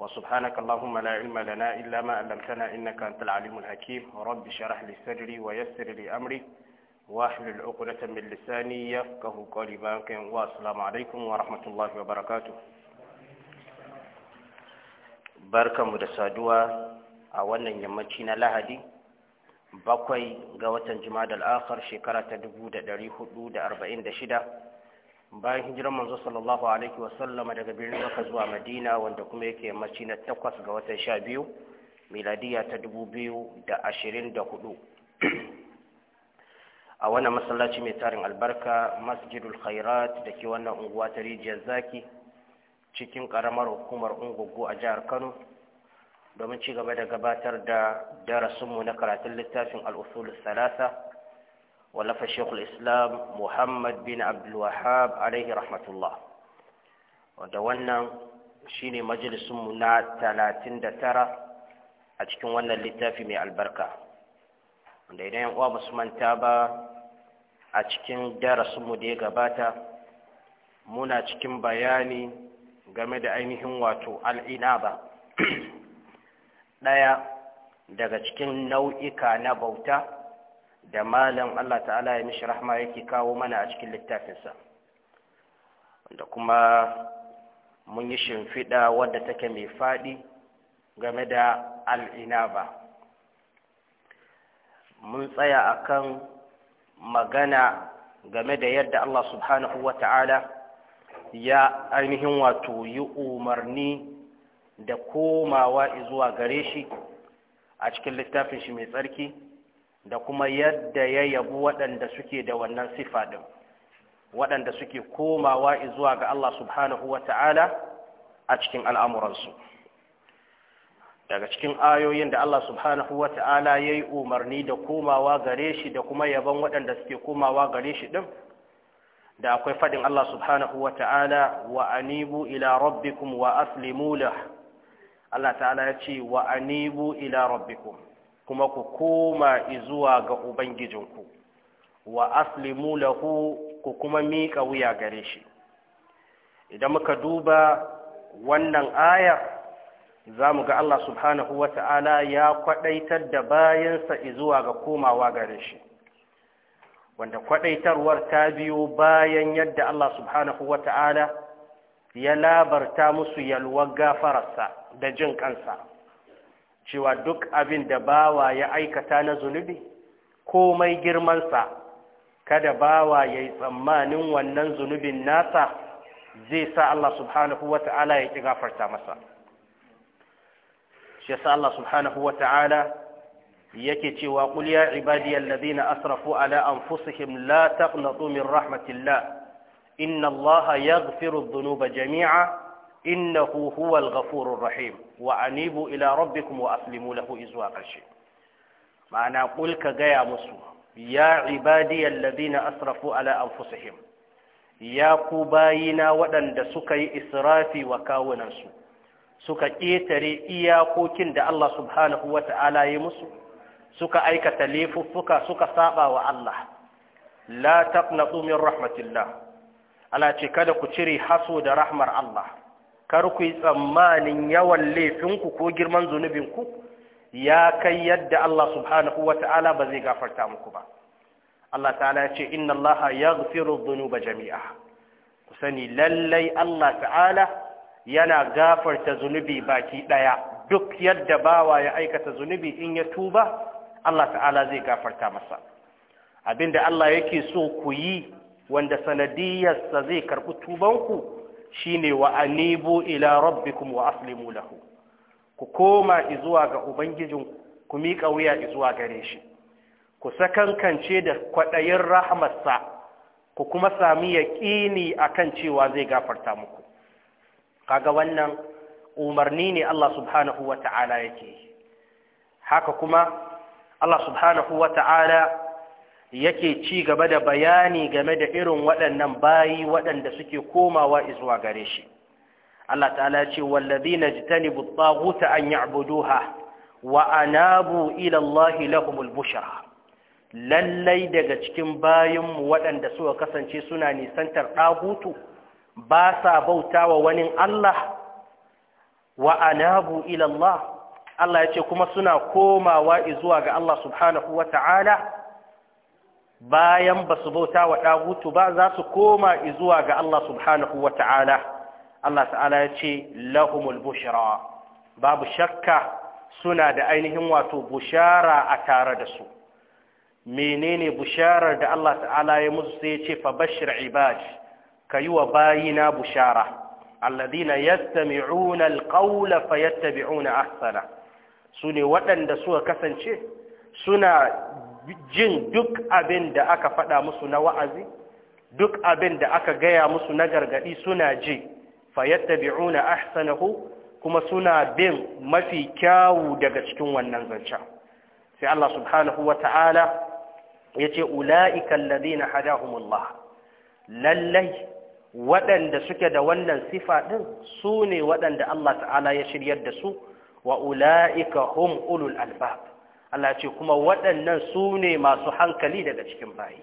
وسبحانك اللهم لا علم لنا إلا ما علمتنا إنك أنت العليم الحكيم رب شرح لي صدري ويسر لي أمري واحلل عقدة من لساني يفقه قولي بانك والسلام عليكم ورحمة الله وبركاته بركة مدسادوة أولا يمتشينا لهدي bakwai ga watan jima'a al'akar shekara ta 1446 bayan hijiran manzo sallallahu alaihi wasallam daga birnin Makka zuwa Madina wanda kuma yake yammaci na takwas ga watan sha biyu miladiya ta dubu biyu da ashirin da hudu a wannan masallaci mai tarin albarka masjidul khairat da ke wannan unguwa ta rijiyar zaki cikin karamar hukumar ungugu a jihar kano domin ci gaba da gabatar da darasinmu na karatun littafin alusulu salasa ولف شيخ الإسلام محمد بن عبد الوهاب عليه رحمة الله ودونا شيني مجلس منا ثلاثين دترة أتكون ونا اللتافي من البركة ودينا يقوى بسمان تابا أتكون درس مديقة باتا muna cikin bayani game da ainihin wato al'inaba ɗaya daga cikin nau'ika na bauta da malam Allah ta'ala ya mishi rahma yake kawo mana a cikin littafinsa da kuma mun yi shimfiɗa wadda take mai faɗi game da al'inaba mun tsaya akan magana game da yadda Allah subhanahu wa ta'ala ya ainihin wato yi umarni da komawa zuwa gare shi a cikin littafin shi mai tsarki da kuma yadda ya yabu waɗanda suke da wannan sifa ɗin waɗanda suke komawa zuwa ga Allah subhanahu wa ta'ala a cikin al'amuransu daga cikin ayoyin da Allah subhanahu wa ta'ala ya yi umarni da komawa gare shi da kuma yaban waɗanda suke komawa gare shi ɗin da akwai faɗin Allah subhanahu wa ta'ala wa anibu ila rabbikum wa aslimu Allah ta'ala ya ce wa anibu ila rabbikum kuma ku koma izuwa ga ubangijinku wa aslimu lahu ku kuma miƙa wuya gare shi idan muka duba wannan ayar za mu ga Allah subhanahu wa ta'ala ya kwaɗaitar da bayansa izuwa ga komawa gare shi wanda kwaɗaitarwar ta biyo bayan yadda Allah subhanahu wa ta'ala ya labarta musu yalwar gafararsa da jin kansa cewa duk abin da bawa ya aikata na zunubi komai girmansa kada bawa ya yi tsammanin wannan zunubin nasa zai sa Allah subhanahu wa ta'ala ya ƙi gafarta masa shi sa Allah subhanahu wa ta'ala yake cewa qul ibadiyar ibadiyal ladina asrafu ala anfusihim la taqnatu min rahmatillah inna Allah yaghfiru zunuba jami'a innahu huwal ghafurur rahim wa anibu ila rabbikum wa aslimu lahu izuwa ƙarshe ma'ana ƙul ka gaya musu ya ibadiyar ladina asrafu ala anfusihim ya ku bayina waɗanda suka yi israfi wa kawunansu suka ƙetare iyakokin da Allah subhanahu wa ta'ala musu suka aikata laifuffuka suka saba wa Allah la taqnatu min rahmatillah ala ce kada ku cire haso da rahmar Allah kar ku yi tsammanin yawan laifinku ko girman zunubinku ya kai yadda Allah subhanahu wa ta'ala ba zai gafarta muku ba Allah ta'ala ya ce inna Allah yaghfiru ba jami'a ku sani lallai Allah ta'ala yana gafarta zunubi baki ɗaya. duk yadda bawa ya aikata zunubi in ya tuba Allah ta'ala zai gafarta masa abinda Allah yake so ku yi wanda sanadiyarsa zai karɓi tubanku shine wa anibu ila rabbikum wa aslimu lahu ku koma izuwa ga ubangijin ku miƙa wuya izuwa gare shi ku sakankance da kwaɗayin rahamarsa ku kuma sami yaƙini kan cewa zai gafarta muku kaga wannan umarni ne Allah subhanahu wata'ala yake haka kuma Allah subhanahu wata'ala yake ci gaba da bayani game da irin waɗannan bayi waɗanda suke komawa izuwa gare shi Allah ta'ala ce wallazina jitanibu at-taghuta an ya'buduha wa anabu ila Allah lahumul bushra lallai daga cikin bayanmu waɗanda suka kasance suna nisantar ɗagutu ba sa bautawa wani Allah wa anabu ila Allah Allah ya ce kuma suna komawa izuwa ga Allah subhanahu wa ta'ala bayan ba su bauta wa ɗagutu ba za su koma zuwa ga Allah subhanahu wa ta'ala Allah ta'ala ya ce lahumul bushra babu shakka suna da ainihin wato bushara a tare da su menene busharar da Allah ta'ala ya musu sai ya ce fa bashir ibad kayi wa bayina bushara alladina yastami'una alqawla fayattabi'una ahsana sune waɗanda suka kasance suna jin duk abin da aka faɗa musu na wa'azi duk abin da aka gaya musu na gargaɗi suna ji fayattabi'una ahsanahu kuma suna bin mafi kyawu daga cikin wannan zancen sai Allah subhanahu wata'ala yace ulaika alladhina hadahumullah lallai waɗanda suke da wannan sifa ɗin su ne waɗanda Allah ta'ala ya shiryar da su wa ula'ika hum ulul albab Allah ce kuma waɗannan su ne masu hankali daga cikin bayi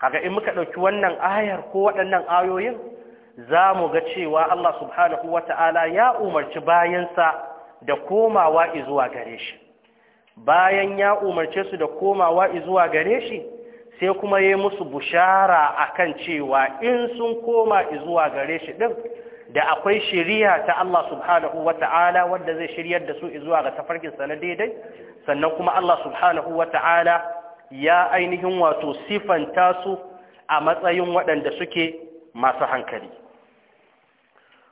kaga in muka ɗauki wannan ayar ko waɗannan ayoyin za mu ga cewa Allah subhanahu wata'ala ya umarci bayansa da komawa izuwa gare shi bayan ya umarce su da komawa izuwa gare shi sai kuma yi musu bushara akan cewa in sun koma izuwa gare shi ɗin da akwai shari'a ta Allah subhanahu wata'ala wanda zai shiryar da su zuwa ga tafarkin sa na daidai sannan kuma Allah subhanahu wata'ala ya ainihin wato sifanta su a matsayin waɗanda suke masu hankali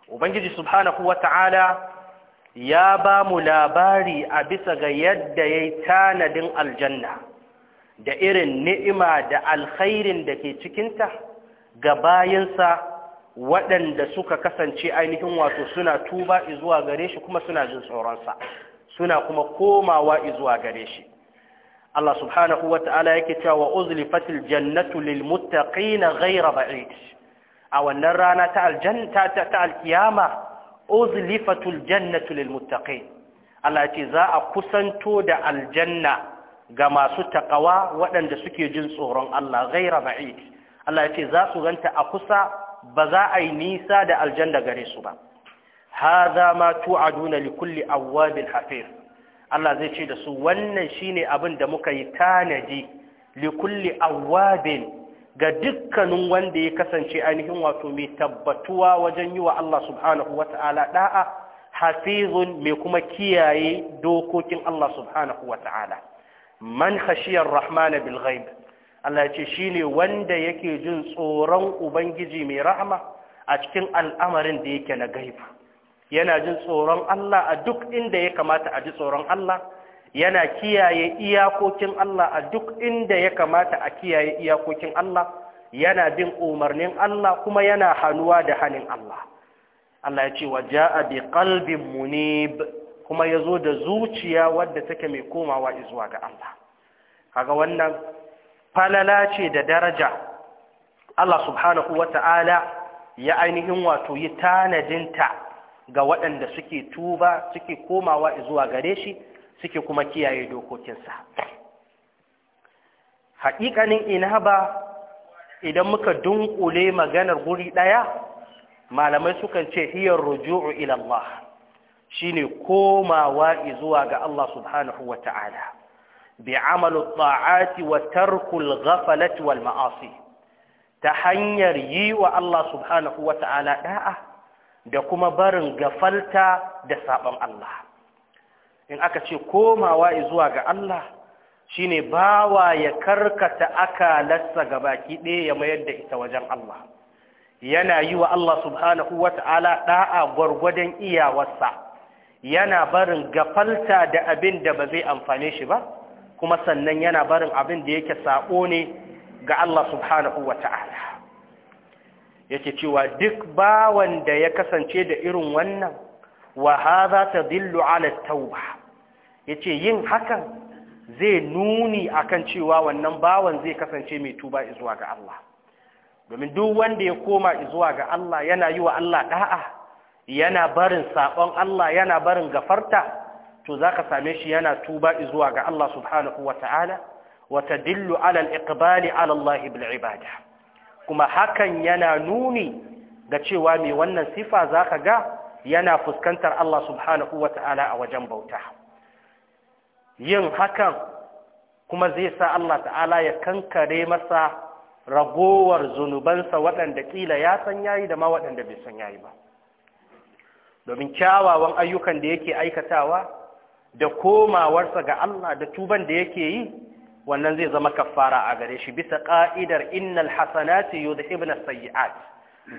ubangiji subhanahu wata'ala ya ba mu labari a bisa ga yadda ya yi tanadin aljanna da irin ni'ima da alkhairin da ke cikinta ga bayansa waɗanda suka kasance ainihin wato suna tuba zuwa gare shi kuma suna jin tsoronsa suna kuma komawa zuwa gare shi Allah subhanahu wa yake cewa wa uzlifatil jannatu lil muttaqina ghayra ba'id a wannan rana ta aljanta ta alkiyama uzlifatul jannatu lil muttaqin Allah ya ce za a kusanto da aljanna ga masu taqawa waɗanda suke jin tsoron Allah ghayra ba'id Allah ya ce za su ganta a kusa ba za a yi nisa da aljanna gare su ba haza ma tu'aduna li kulli awwabin hafiz Allah zai ce da su wannan shine abin da muka yi tanadi li kulli awwabin ga dukkanin wanda ya kasance ainihin wato mai tabbatuwa wajen yi wa Allah subhanahu wata'ala da'a hafizun mai kuma kiyaye dokokin Allah subhanahu wata'ala man khashiyar rahmana bil ghaib Allah ya ce shi ne wanda yake jin tsoron Ubangiji mai rahama a cikin al'amarin da yake na gaifu. Yana jin tsoron Allah a duk inda ya kamata a ji tsoron Allah, yana kiyaye iyakokin Allah a duk inda ya kamata a kiyaye iyakokin Allah, yana bin umarnin Allah kuma yana hannuwa da hannun Allah. Allah ya ce, Waja a bi kalbin munib kuma ya zo da zuciya wadda take mai komawa izuwa ga Allah. Kaga wannan falala ce da daraja Allah subhanahu ta'ala ya ainihin wato yi tanadinta ga waɗanda suke tuba suke komawa zuwa gare shi suke kuma kiyaye dokokinsa haƙiƙanin ina ba idan muka dunkule maganar guri ɗaya malamai sukan ce hiyar ruju'u ilallah, shi shine komawa zuwa ga Allah subhanahu ta'ala. بعمل الطاعات وترك الغفلة والمعاصي تحنير يي الله سبحانه وتعالى داء da kuma barin gafalta da saban Allah in aka ce komawa zuwa ga Allah shine bawa ya karkata akalarsa gabaki ɗaya ya mayar da ita wajen Allah yana yi wa Allah subhanahu wa ta'ala ɗa'a gwargwadon iyawarsa yana barin gafalta da abin da ba zai amfane shi ba kuma sannan yana barin abin da yake sabo ne ga Allah subhanahu wata'ala yake cewa duk bawan da ya kasance da irin wannan wa ta tadillu ala tauba yace yin hakan zai nuni akan cewa wannan bawan zai kasance mai tuba zuwa ga Allah domin duk wanda ya koma zuwa ga Allah yana yi wa Allah da'a yana barin sabon Allah yana barin gafarta to za ka same shi yana tuba zuwa ga Allah subhanahu wa ta'ala wata dillu alal iqbali ala Allah ibada kuma hakan yana nuni ga cewa mai wannan sifa za ka ga yana fuskantar Allah subhanahu wa ta'ala a wajen bauta yin hakan kuma zai sa Allah ta'ala ya kankare masa ragowar zunubansa waɗanda ƙila ya san yayi da ma waɗanda bai san yayi ba domin kyawawan ayyukan da yake aikatawa da komawarsa ga Allah da tuban da yake yi wannan zai zama kaffara a gare shi bisa ka'idar innal hasanati yudhibna as-sayyi'at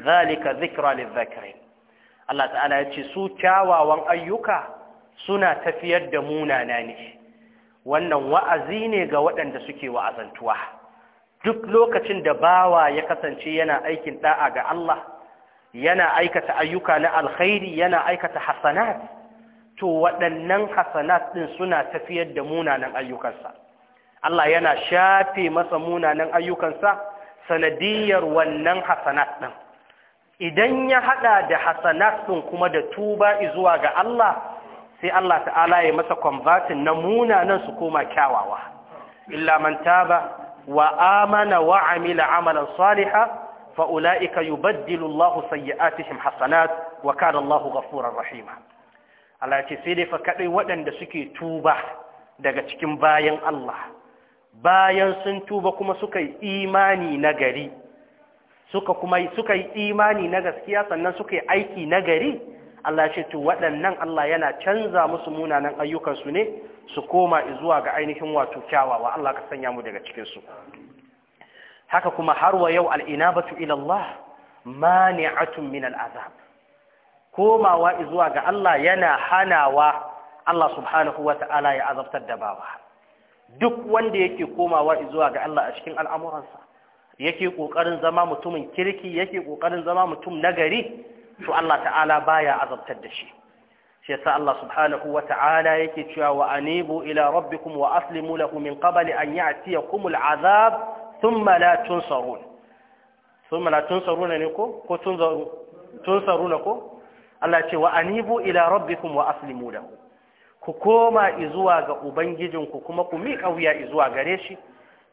zalika zikira lidh-dhakirin Allah ta'ala ya ce su kyawawan ayyuka suna tafiyar da munana ne wannan wa'azi ne ga waɗanda suke wa'azantuwa duk lokacin da bawa ya kasance yana aikin ɗa'a ga Allah yana aikata ayyuka na alkhairi yana aikata hasanat to waɗannan hasanat ɗin suna tafiyar da munanan ayyukansa Allah yana shafe masa munanan ayyukansa sanadiyar wannan hasanat ɗin idan ya haɗa da hasanat ɗin kuma da tuba zuwa ga Allah sai Allah ta'ala ya masa kwambatin na munanan su koma kyawawa illa man taba wa amana wa amila amalan saliha fa ulaika yubaddilu Allahu sayyi'atihim hasanat wa kana Allahu ghafurur rahima Allah ce sai dai fa kadai waɗanda suke tuba daga cikin bayan Allah bayan sun tuba kuma suka yi imani na gari suka kuma suka yi imani na gaskiya sannan suka yi aiki na gari Allah ce to waɗannan Allah yana canza musu munanan ayyukansu ne su koma zuwa ga ainihin wato kyawawa Allah ka sanya mu daga cikin su haka kuma har wa yau al'inabatu ila Allah mani'atun min al'azab komawa zuwa ga Allah yana hanawa Allah subhanahu wa ta'ala ya azabtar da bawa duk wanda yake komawa zuwa ga Allah a cikin al'amuransa yake ƙoƙarin zama mutumin kirki yake ƙoƙarin zama mutum nagari to Allah ta'ala baya azabtar da shi shi yasa Allah subhanahu wa ta'ala yake cewa wa anibu ila rabbikum wa aslimu lahu min qabli an ya'tiyakum al'azab thumma la tunsarun thumma la tunsaruna ne ko ko tunsaruna ko Allah ce wa anibu ila rabbikum wa aslimu lahu ku koma izuwa ga ubangijinku kuma ku miƙa wuya izuwa gare shi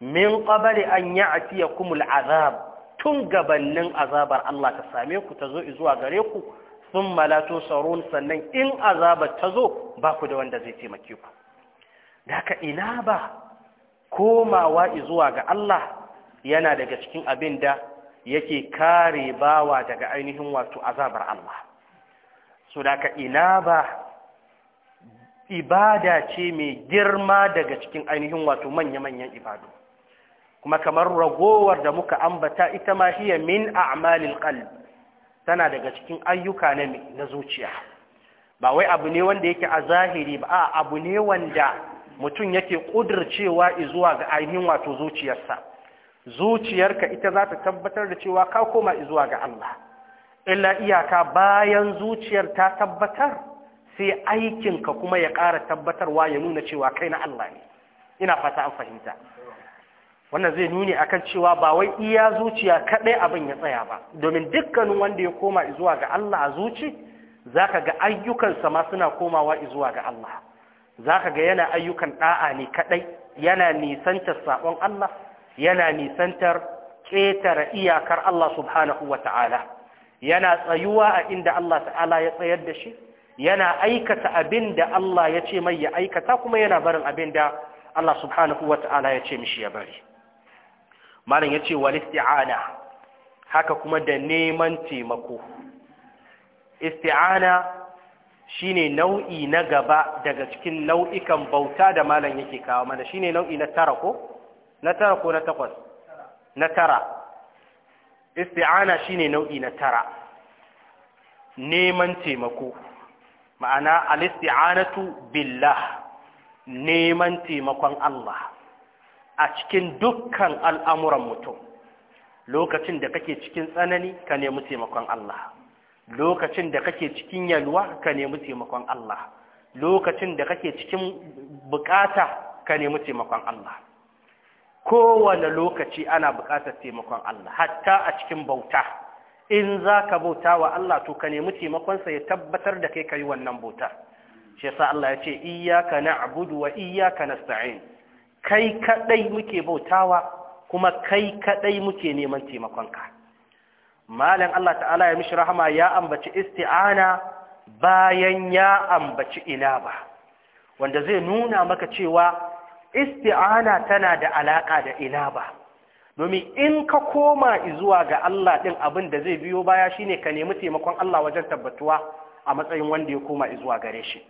min qabli an ya'tiyakumul azab tun gabannin azabar Allah ta same ku tazo zo izuwa gare ku thumma la tusarun sannan in azabar ta zo ba ku da wanda zai taimake ku haka ina ba komawa izuwa ga Allah yana daga cikin abinda yake kare bawa daga ainihin wato azabar Allah so da ka ina ba ibada ce mai girma daga cikin ainihin wato manya-manyan ibadu kuma kamar ragowar da muka ambata ita ma hiya min a'malil qalb tana daga cikin ayyuka na na zuciya ba wai abu ne wanda yake a zahiri ba a abu ne wanda mutum yake kudircewa izuwa ga ainihin wato zuciyarsa zuciyarka ita za ta tabbatar da cewa ka koma izuwa ga Allah illa iyaka bayan zuciyar ta tabbatar sai aikinka kuma ya ƙara tabbatarwa ya nuna cewa kai na Allah ne ina fata an fahimta wannan zai nuni akan cewa ba wai iya zuciya kadai abin ya tsaya ba domin dukkanin wanda ya koma zuwa ga Allah a zuci zaka ga ayyukansa ma suna komawa zuwa ga Allah zaka ga yana ayyukan da'a ne kadai, yana nisantar sabon Allah yana nisantar ƙetare iyakar Allah subhanahu wataala yana tsayuwa a inda Allah ta'ala ya tsayar da shi yana aikata abin da Allah ya ce mai ya aikata kuma yana barin abin da Allah subhanahu wa ta'ala ya ce mishi ya bari malam ya ce wal isti'ana haka kuma da neman taimako isti'ana shine nau'i na gaba daga cikin nau'ikan bauta da malam yake kawo mana shine nau'i na tara ko na tara ko na takwas na tara isti'ana shine nau'i na tara neman taimako ma'ana al-isti'anatu billah neman taimakon Allah a cikin dukkan al'amuran mutum lokacin da kake cikin tsanani ka nemi taimakon Allah lokacin da kake cikin yalwa ka nemi taimakon Allah lokacin da kake cikin bukata ka nemi taimakon Allah kowane lokaci ana buƙatar taimakon Allah hatta a cikin bauta in za ka bauta wa Allah to ka nemi taimakonsa ya tabbatar da kai ka yi wannan bauta shi yasa Allah ya ce iyyaka na'budu wa iyyaka nasta'in kai kadai muke bautawa kuma kai kadai muke neman taimakonka malam Allah ta'ala ya mishi rahama ya ambaci isti'ana bayan ya ambaci ina ba. wanda zai nuna maka cewa isti'ana tana da alaƙa da inaba domin in ka koma zuwa ga Allah ɗin abin da zai biyo baya shine ka nemi taimakon Allah wajen tabbatuwa a matsayin wanda ya koma zuwa gare shi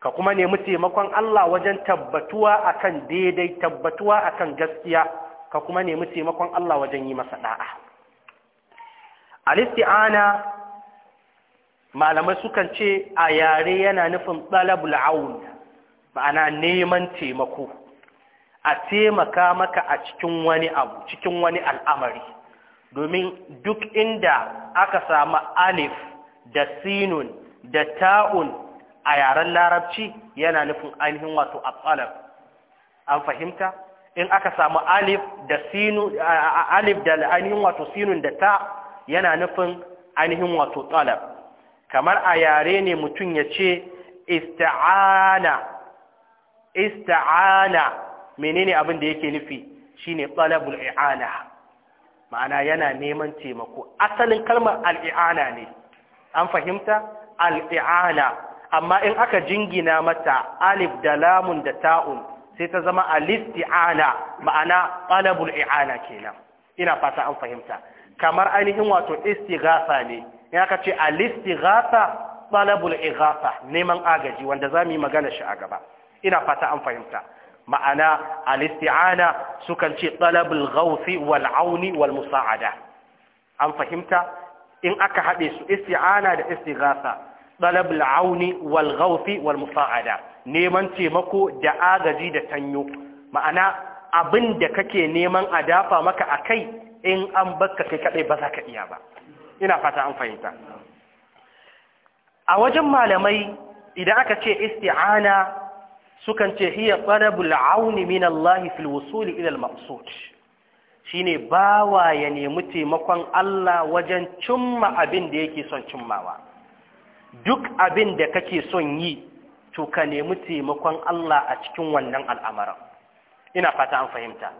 ka kuma nemi taimakon Allah wajen tabbatuwa kan daidai tabbatuwa akan gaskiya ka kuma nemi taimakon Allah wajen yi masa ɗa'a. al-isti'ana malamai sukan ce a yare yana nufin talabul aun ma'ana neman taimako a taimaka maka a cikin wani abu cikin wani al'amari domin duk inda aka samu alif da sinun da ta'un a yaren larabci yana nufin ainihin wato tsalar, an fahimta in aka samu alif da sinu alif da ainihin wato sinun da ta yana nufin ainihin wato talab kamar a yare ne mutum ya ce ista'ana ista'ana menene abin da yake nufi shine talabul i'ana ma'ana yana neman taimako asalin kalmar al'i'ana ne an fahimta al'i'ana amma in aka jingina mata alif da lamun da ta'un sai ta zama alisti'ana ma'ana talabul i'ana kenan ina fata an fahimta kamar ainihin wato istighatha ne in aka ce alistighatha talabul ighatha neman agaji wanda zamu yi magana shi a gaba ina fata an fahimta ma'ana al-isti'ana sukan ce talabul ghawthi wal auni wal musa'ada an fahimta in aka haɗe su isti'ana da istighasa talabul auni wal ghawthi wal musa'ada neman taimako da agaji da tanyo ma'ana abin da kake neman a dafa maka akai in an baka kai kadai ba za ka iya ba ina fata an fahimta a wajen malamai idan aka ce isti'ana sukan ce hiya ƙwarabul auni min Allah fil wusuli ilal al-maqsud shine bawa ya nemi taimakon Allah wajen cimma abin da yake son cimmawa duk abin da kake son yi to ka nemi taimakon Allah a cikin wannan al'amarin ina fata an fahimta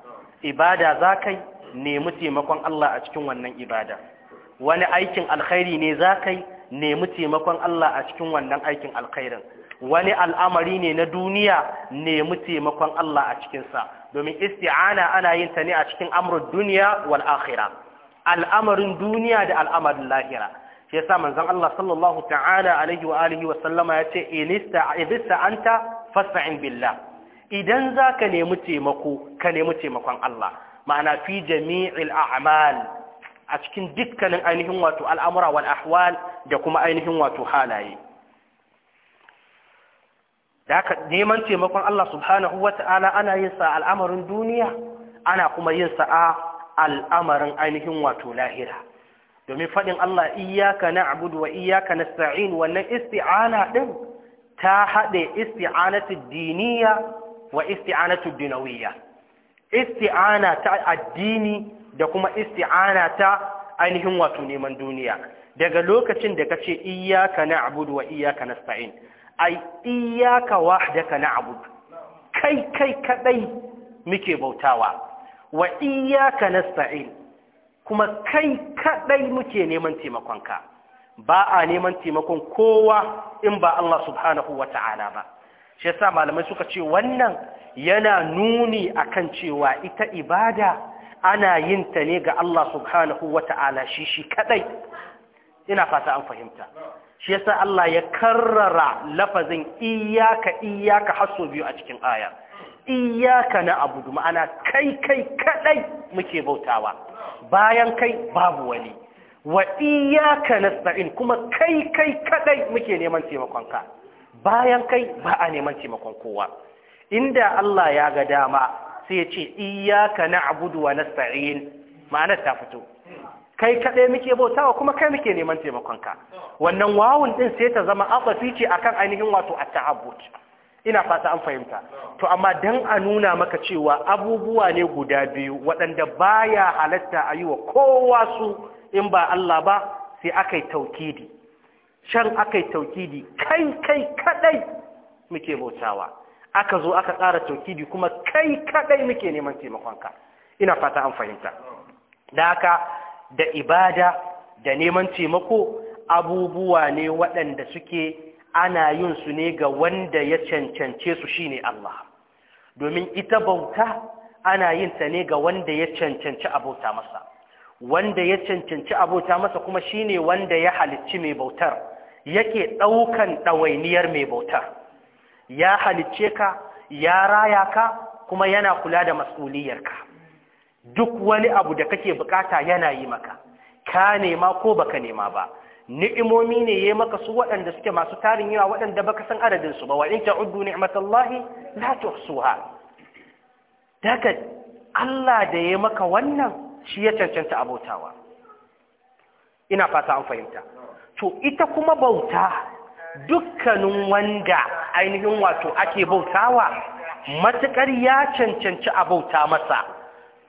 ibada za kai nemi taimakon Allah a cikin wannan ibada wani aikin alkhairi ne za kai nemi taimakon Allah a cikin wannan aikin alkhairin wani al'amari ne na duniya nemi taimakon Allah a cikinsa domin isti'ana ana yin ta ne a cikin amrud duniya wal akhira, al'amarin duniya da al'amarin lahira shi yasa manzon Allah sallallahu ta'ala alaihi wa alihi yace inista anta fasta'in billah idan zaka nemi taimako ka nemi taimakon Allah ma'ana fi jami'il a'mal a cikin dukkanin ainihin wato al'amura wal ahwal da kuma ainihin wato halaye da neman taimakon Allah subhanahu wata'ala ana yin sa al'amarin duniya ana kuma yin sa a al'amarin ainihin wato lahira domin faɗin Allah na na'budu wa iyyaka nasta'in wannan isti'ana ɗin ta haɗe isti'anatu diniya wa isti'anatu dinawiyya isti'ana ta addini da kuma isti'ana ta ainihin wato neman duniya daga lokacin da kace na na'budu wa iyyaka nasta'in ai iyaka wahdaka na'budu kai kai kadai muke bautawa wa na nasta'in kuma kai kadai muke neman taimakonka ba a neman taimakon kowa in ba Allah subhanahu wata'ala ba shi yasa malamai suka ce wannan yana nuni akan cewa ita ibada ana yin ta ne ga Allah subhanahu wata'ala shi shi kadai ina fata an fahimta shi yasa Allah ya karrara lafazin iyaka iyaka hasso biyu a cikin aya iyaka na abudu ma'ana kai kai kadai muke bautawa bayan kai babu wani wa iyaka nasta'in kuma kai kai kadai muke neman ka. bayan kai ba a neman taimakon kowa inda Allah ya ga dama sai ya ce iyaka na'budu wa nasta'in ma'anar ta fito kai kaɗai muke bautawa kuma kai muke neman taimakonka wannan wawun ɗin sai ta zama abafi ce akan ainihin wato a ta'abbut ina fata an fahimta to amma dan a nuna maka cewa abubuwa ne guda biyu waɗanda baya halatta a yi wa kowa su in ba Allah ba sai aka yi taukidi shan aka yi taukidi kai kai kaɗai muke bautawa aka zo aka ƙara taukidi kuma kai kaɗai muke neman taimakonka ina fata an fahimta da haka da ibada da neman taimako abubuwa ne waɗanda suke ana yin su ne ga wanda ya cancance su shine Allah domin ita bauta ana yin ta ne ga wanda ya cancanci abota masa wanda ya cancanci abota masa kuma shine wanda ya halicci mai bautar yake ɗaukan ɗawainiyar mai bautar ya halicce ka ya raya ka kuma yana kula da mas'uliyarka duk wani abu da kake bukata yana yi maka ka nema ko baka nema ba ni'imomi ne yayi maka su waɗanda suke masu tarin yawa waɗanda baka san adadin su ba wa in ta'uddu ni'matallahi la tuhsuha daga Allah da yayi maka wannan shi ya cancanta abotawa ina fata an fahimta to ita kuma bauta dukkanin wanda ainihin wato ake bautawa matukar ya cancanci abauta masa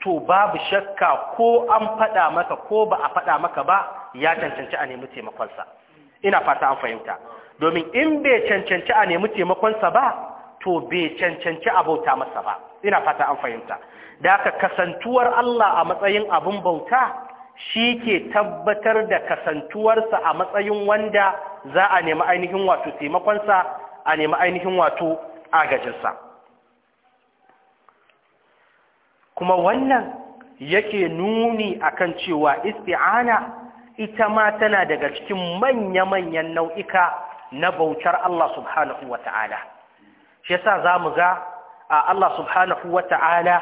to babu shakka ko an faɗa maka ko ba a faɗa maka ba ya cancanci a nemi taimakonsa ina fata an fahimta domin in bai cancanci a nemi taimakonsa ba to bai cancanci a bauta masa ba ina fata an fahimta da aka kasantuwar Allah a matsayin abun bauta shi ke tabbatar da kasantuwarsa a matsayin wanda za a nemi ainihin wato taimakonsa a nemi ainihin wato agajinsa kuma wannan yake nuni akan cewa isti'ana ita ma tana daga cikin manya-manyan nau'ika na bautar Allah subhanahu wa ta'ala. Shi yasa za mu ga a Allah subhanahu wa ta'ala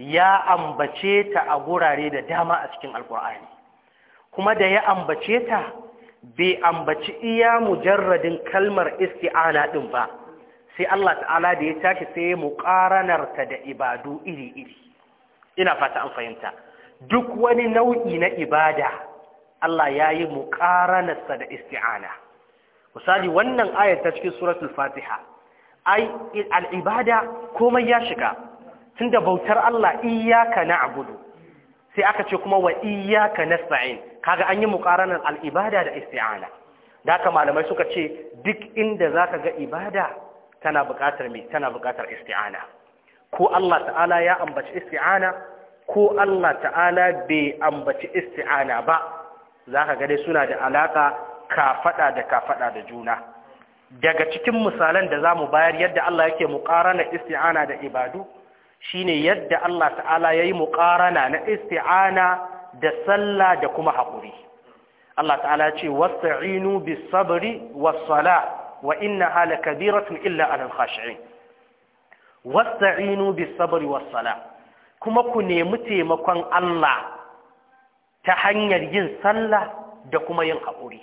ya ambace ta a gurare da dama a cikin Alƙur'ani, kuma da ya ambace ta bai ambaci iya mujarradin kalmar isti'ana ɗin ba, sai Allah ta'ala da ya tashi sai ƙaranarta da ibadu iri-iri. ina fata an fahimta duk wani nau'i na ibada Allah ya yi muƙaranarsa da isti'ana misali wannan ayar ta cikin suratul fatiha ai al'ibada komai ya shiga tunda bautar Allah iyaka na'budu sai aka ce kuma wa iyaka nasta'in kaga an yi muƙaranar al'ibada da isti'ana da haka malamai suka ce duk inda zaka ga ibada tana buƙatar me tana buƙatar isti'ana ko Allah ta'ala ya ambaci isti'ana ko Allah ta'ala bai ambaci isti'ana ba za ka gade suna da alaƙa kafaɗa da kafaɗa da juna daga cikin misalan da za mu bayar yadda Allah yake muƙarana isti'ana da ibadu shine yadda Allah ta'ala ya yi muƙarana na isti'ana da sallah da kuma haƙuri Allah ta'ala ce wasta'inu bis sabri was sala wa hala lakabiratun illa alal khashi'in wasta'inu bis sabri kuma ku nemi taimakon Allah ta hanyar yin sallah da kuma yin haƙuri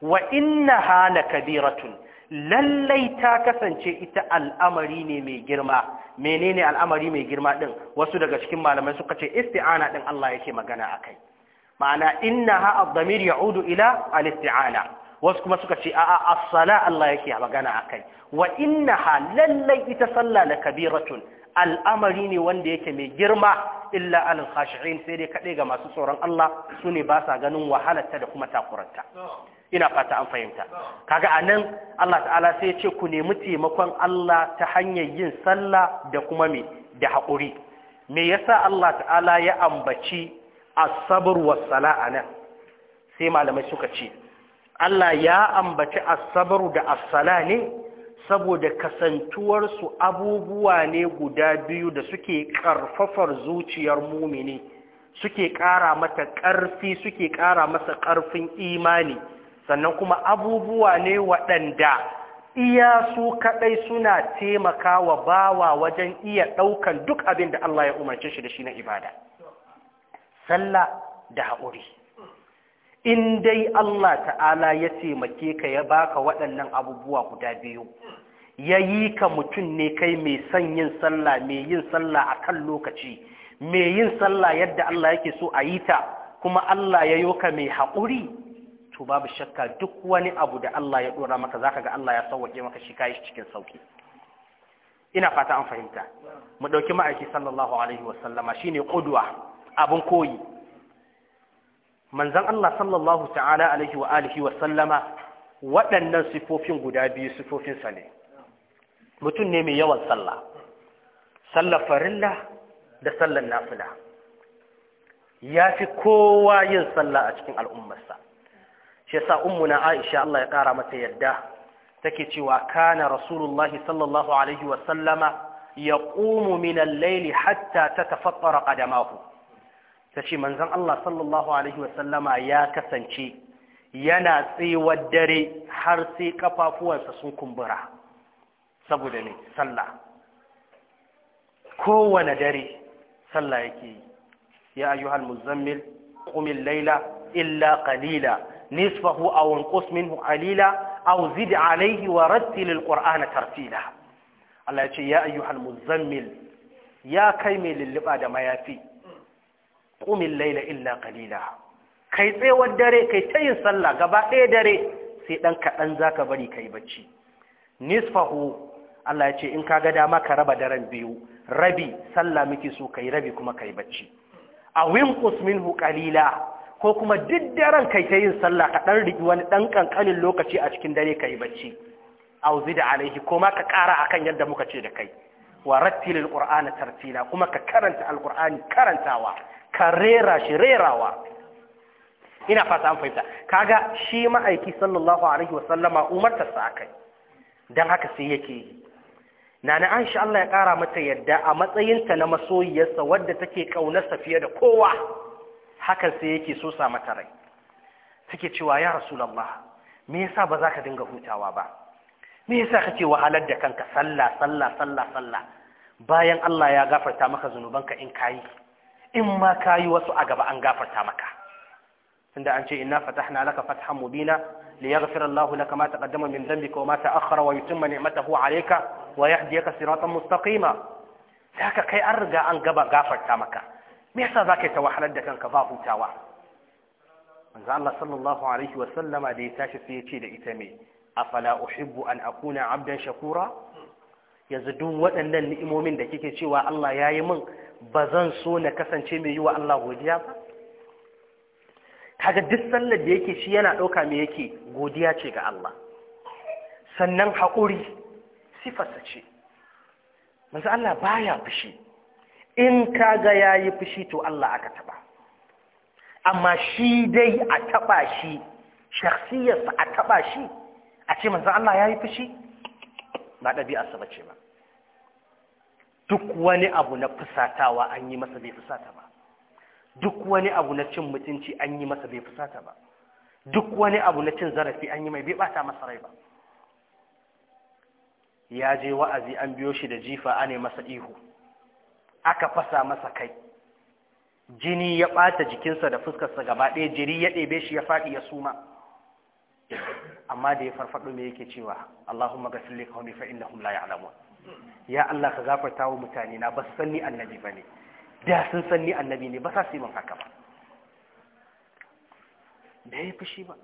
wa innaha Kabiratun lallai ta kasance ita al'amari ne mai girma menene al'amari mai girma din wasu daga cikin malamai suka ce isti'ana din Allah yake magana akai ma'ana innaha ad-damir ya'udu ila al-isti'ana wasu kuma suka ce a'a as-sala Allah yake magana akai wa innaha lallai ita sallah la kabiratun al'amari ne wanda yake mai girma illa al khashi'in sai dai kaɗai ga masu tsoron Allah sune ne ba sa ganin wahalarta da kuma takurarta ina fata an fahimta kaga anan Allah ta'ala sai ya ce ku nemi taimakon Allah ta hanyar yin sallah da kuma me da haƙuri me yasa Allah ta'ala ya ambaci as-sabr was-sala sai malamai suka ce Allah ya ambaci asabaru da asala ne saboda kasantuwarsu abubuwa ne guda biyu da suke karfafar zuciyar mumini suke kara mata ƙarfi suke ƙara masa ƙarfin imani sannan kuma abubuwa ne waɗanda iya su kaɗai suna taimaka wa bawa wajen iya ɗaukan duk abin da Allah ya umarce shi da shi na ibada sallah da haƙuri in dai Allah ta'ala ya taimake ka ya baka waɗannan abubuwa guda biyu ya yi ka mutum ne kai mai son yin sallah mai yin sallah a kan lokaci mai yin sallah yadda Allah yake so a yi ta kuma Allah ya yi ka mai haƙuri to babu shakka duk wani abu da Allah ya ɗora maka zaka ga Allah ya sauwaƙe maka shi kayi cikin sauƙi ina fata an fahimta mu ɗauki ma'aiki sallallahu alaihi wasallama shine ƙudwa abin koyi manzan Allah sallallahu ta'ala alaihi wa alihi wa sallama waɗannan sifofin guda biyu sifofinsa ne mutum ne mai yawan sallah sallar farilla da sallar nafila ya fi kowa yin sallah a cikin al'ummarsa shi yasa ummuna Aisha Allah ya ƙara mata yadda take cewa kana rasulullahi sallallahu alaihi wa sallama ya min al-layli hatta tatafattara qadamahu ta ce manzan Allah sallallahu Alaihi wasallama ya kasance yana tsewar dare har sai ƙafafuwansa sun kumbura saboda ne sallah kowane dare sallah yake yi ya ayyuhal muzammil qumil laila illa qalila nisfahu aw inqus minhu qalila aw zid alayhi wa rattil alqur'ana tartila Allah ya ce ya ayyuhal muzammil ya kai mai lulluɓa da mayafi ƙumin laila illa ƙalila kai tsewar dare kai ta yin sallah gaba ɗaya dare sai ɗan kaɗan za ka bari ka yi bacci nisfahu Allah ya ce in ka ga dama ka raba daren biyu rabi sallah miki so kai rabi kuma kai bacci a winkus minhu ƙalila ko kuma duk daren kai ta yin sallah ka ɗan riki wani ɗan ƙanƙanin lokaci a cikin dare ka yi bacci da alaihi ko ma ka kara akan yadda muka ce da kai wa rattilin ƙurani tartila kuma ka karanta alƙur'ani karantawa ka rera shi rerawa ina fata an fahimta kaga shi ma'aiki sallallahu alaihi wa sallama wasallama sa kai. don haka sai yake yi Nana Aisha Allah ya kara mata yadda a matsayinta na masoyiyarsa wadda take ƙaunarsa fiye da kowa hakan sai yake so sa mata rai take cewa ya Rasulullah me yasa ba za ka dinga hutawa ba me yasa kake wahalar da kanka sallah sallah sallah sallah bayan Allah ya gafarta maka zunubanka in kayi in ma ka yi wasu a gaba an gafarta maka tunda an ce inna fatahna laka fathan mubina liyaghfira Allahu laka ma taqaddama min dhanbika wa ma ta'akhkhara wa yutimma ni'matahu 'alayka wa yahdiyaka siratan mustaqima saka kai an riga an gaba gafarta maka me yasa zaka ta wahalar da kanka ba hutawa manzo Allah sallallahu alaihi wa sallama da ya tashi sai ya ce da ita me afala uhibbu an akuna 'abdan shakura yanzu duk waɗannan ni'imomin da kike cewa Allah ya yi min ba zan so na kasance mai yi wa Allah godiya ba kaga duk sallar da yake shi yana ɗauka mai yake godiya ce ga Allah sannan haƙuri sifarsa ce Masu Allah baya fushi in kaga yi fushi to Allah aka taɓa. amma shi dai a taɓa shi shaksiyarsa a taɓa shi a ce manzo Allah ya yi fushi ba ɗabi'arsa ba ce ba duk wani abu na fusatawa an yi masa bai fusata ba duk wani abu na cin mutunci an yi masa bai fusata ba duk wani abu na cin zarafi an yi mai bai bata masa rai ba ya je wa'azi an biyo shi da jifa ane masa ihu aka fasa masa kai jini ya ɓata jikinsa da fuskarsa gaba ɗaya jiri ya ɗebe shi ya faɗi ya suma amma da ya farfado me yake cewa Allahumma ghfir li qaumi fa innahum la ya'lamun ya Allah ka gafarta wa mutane na ba su san ni annabi ne, da sun san ni annabi ne ba sa su yi min haka ba da ya fushi ba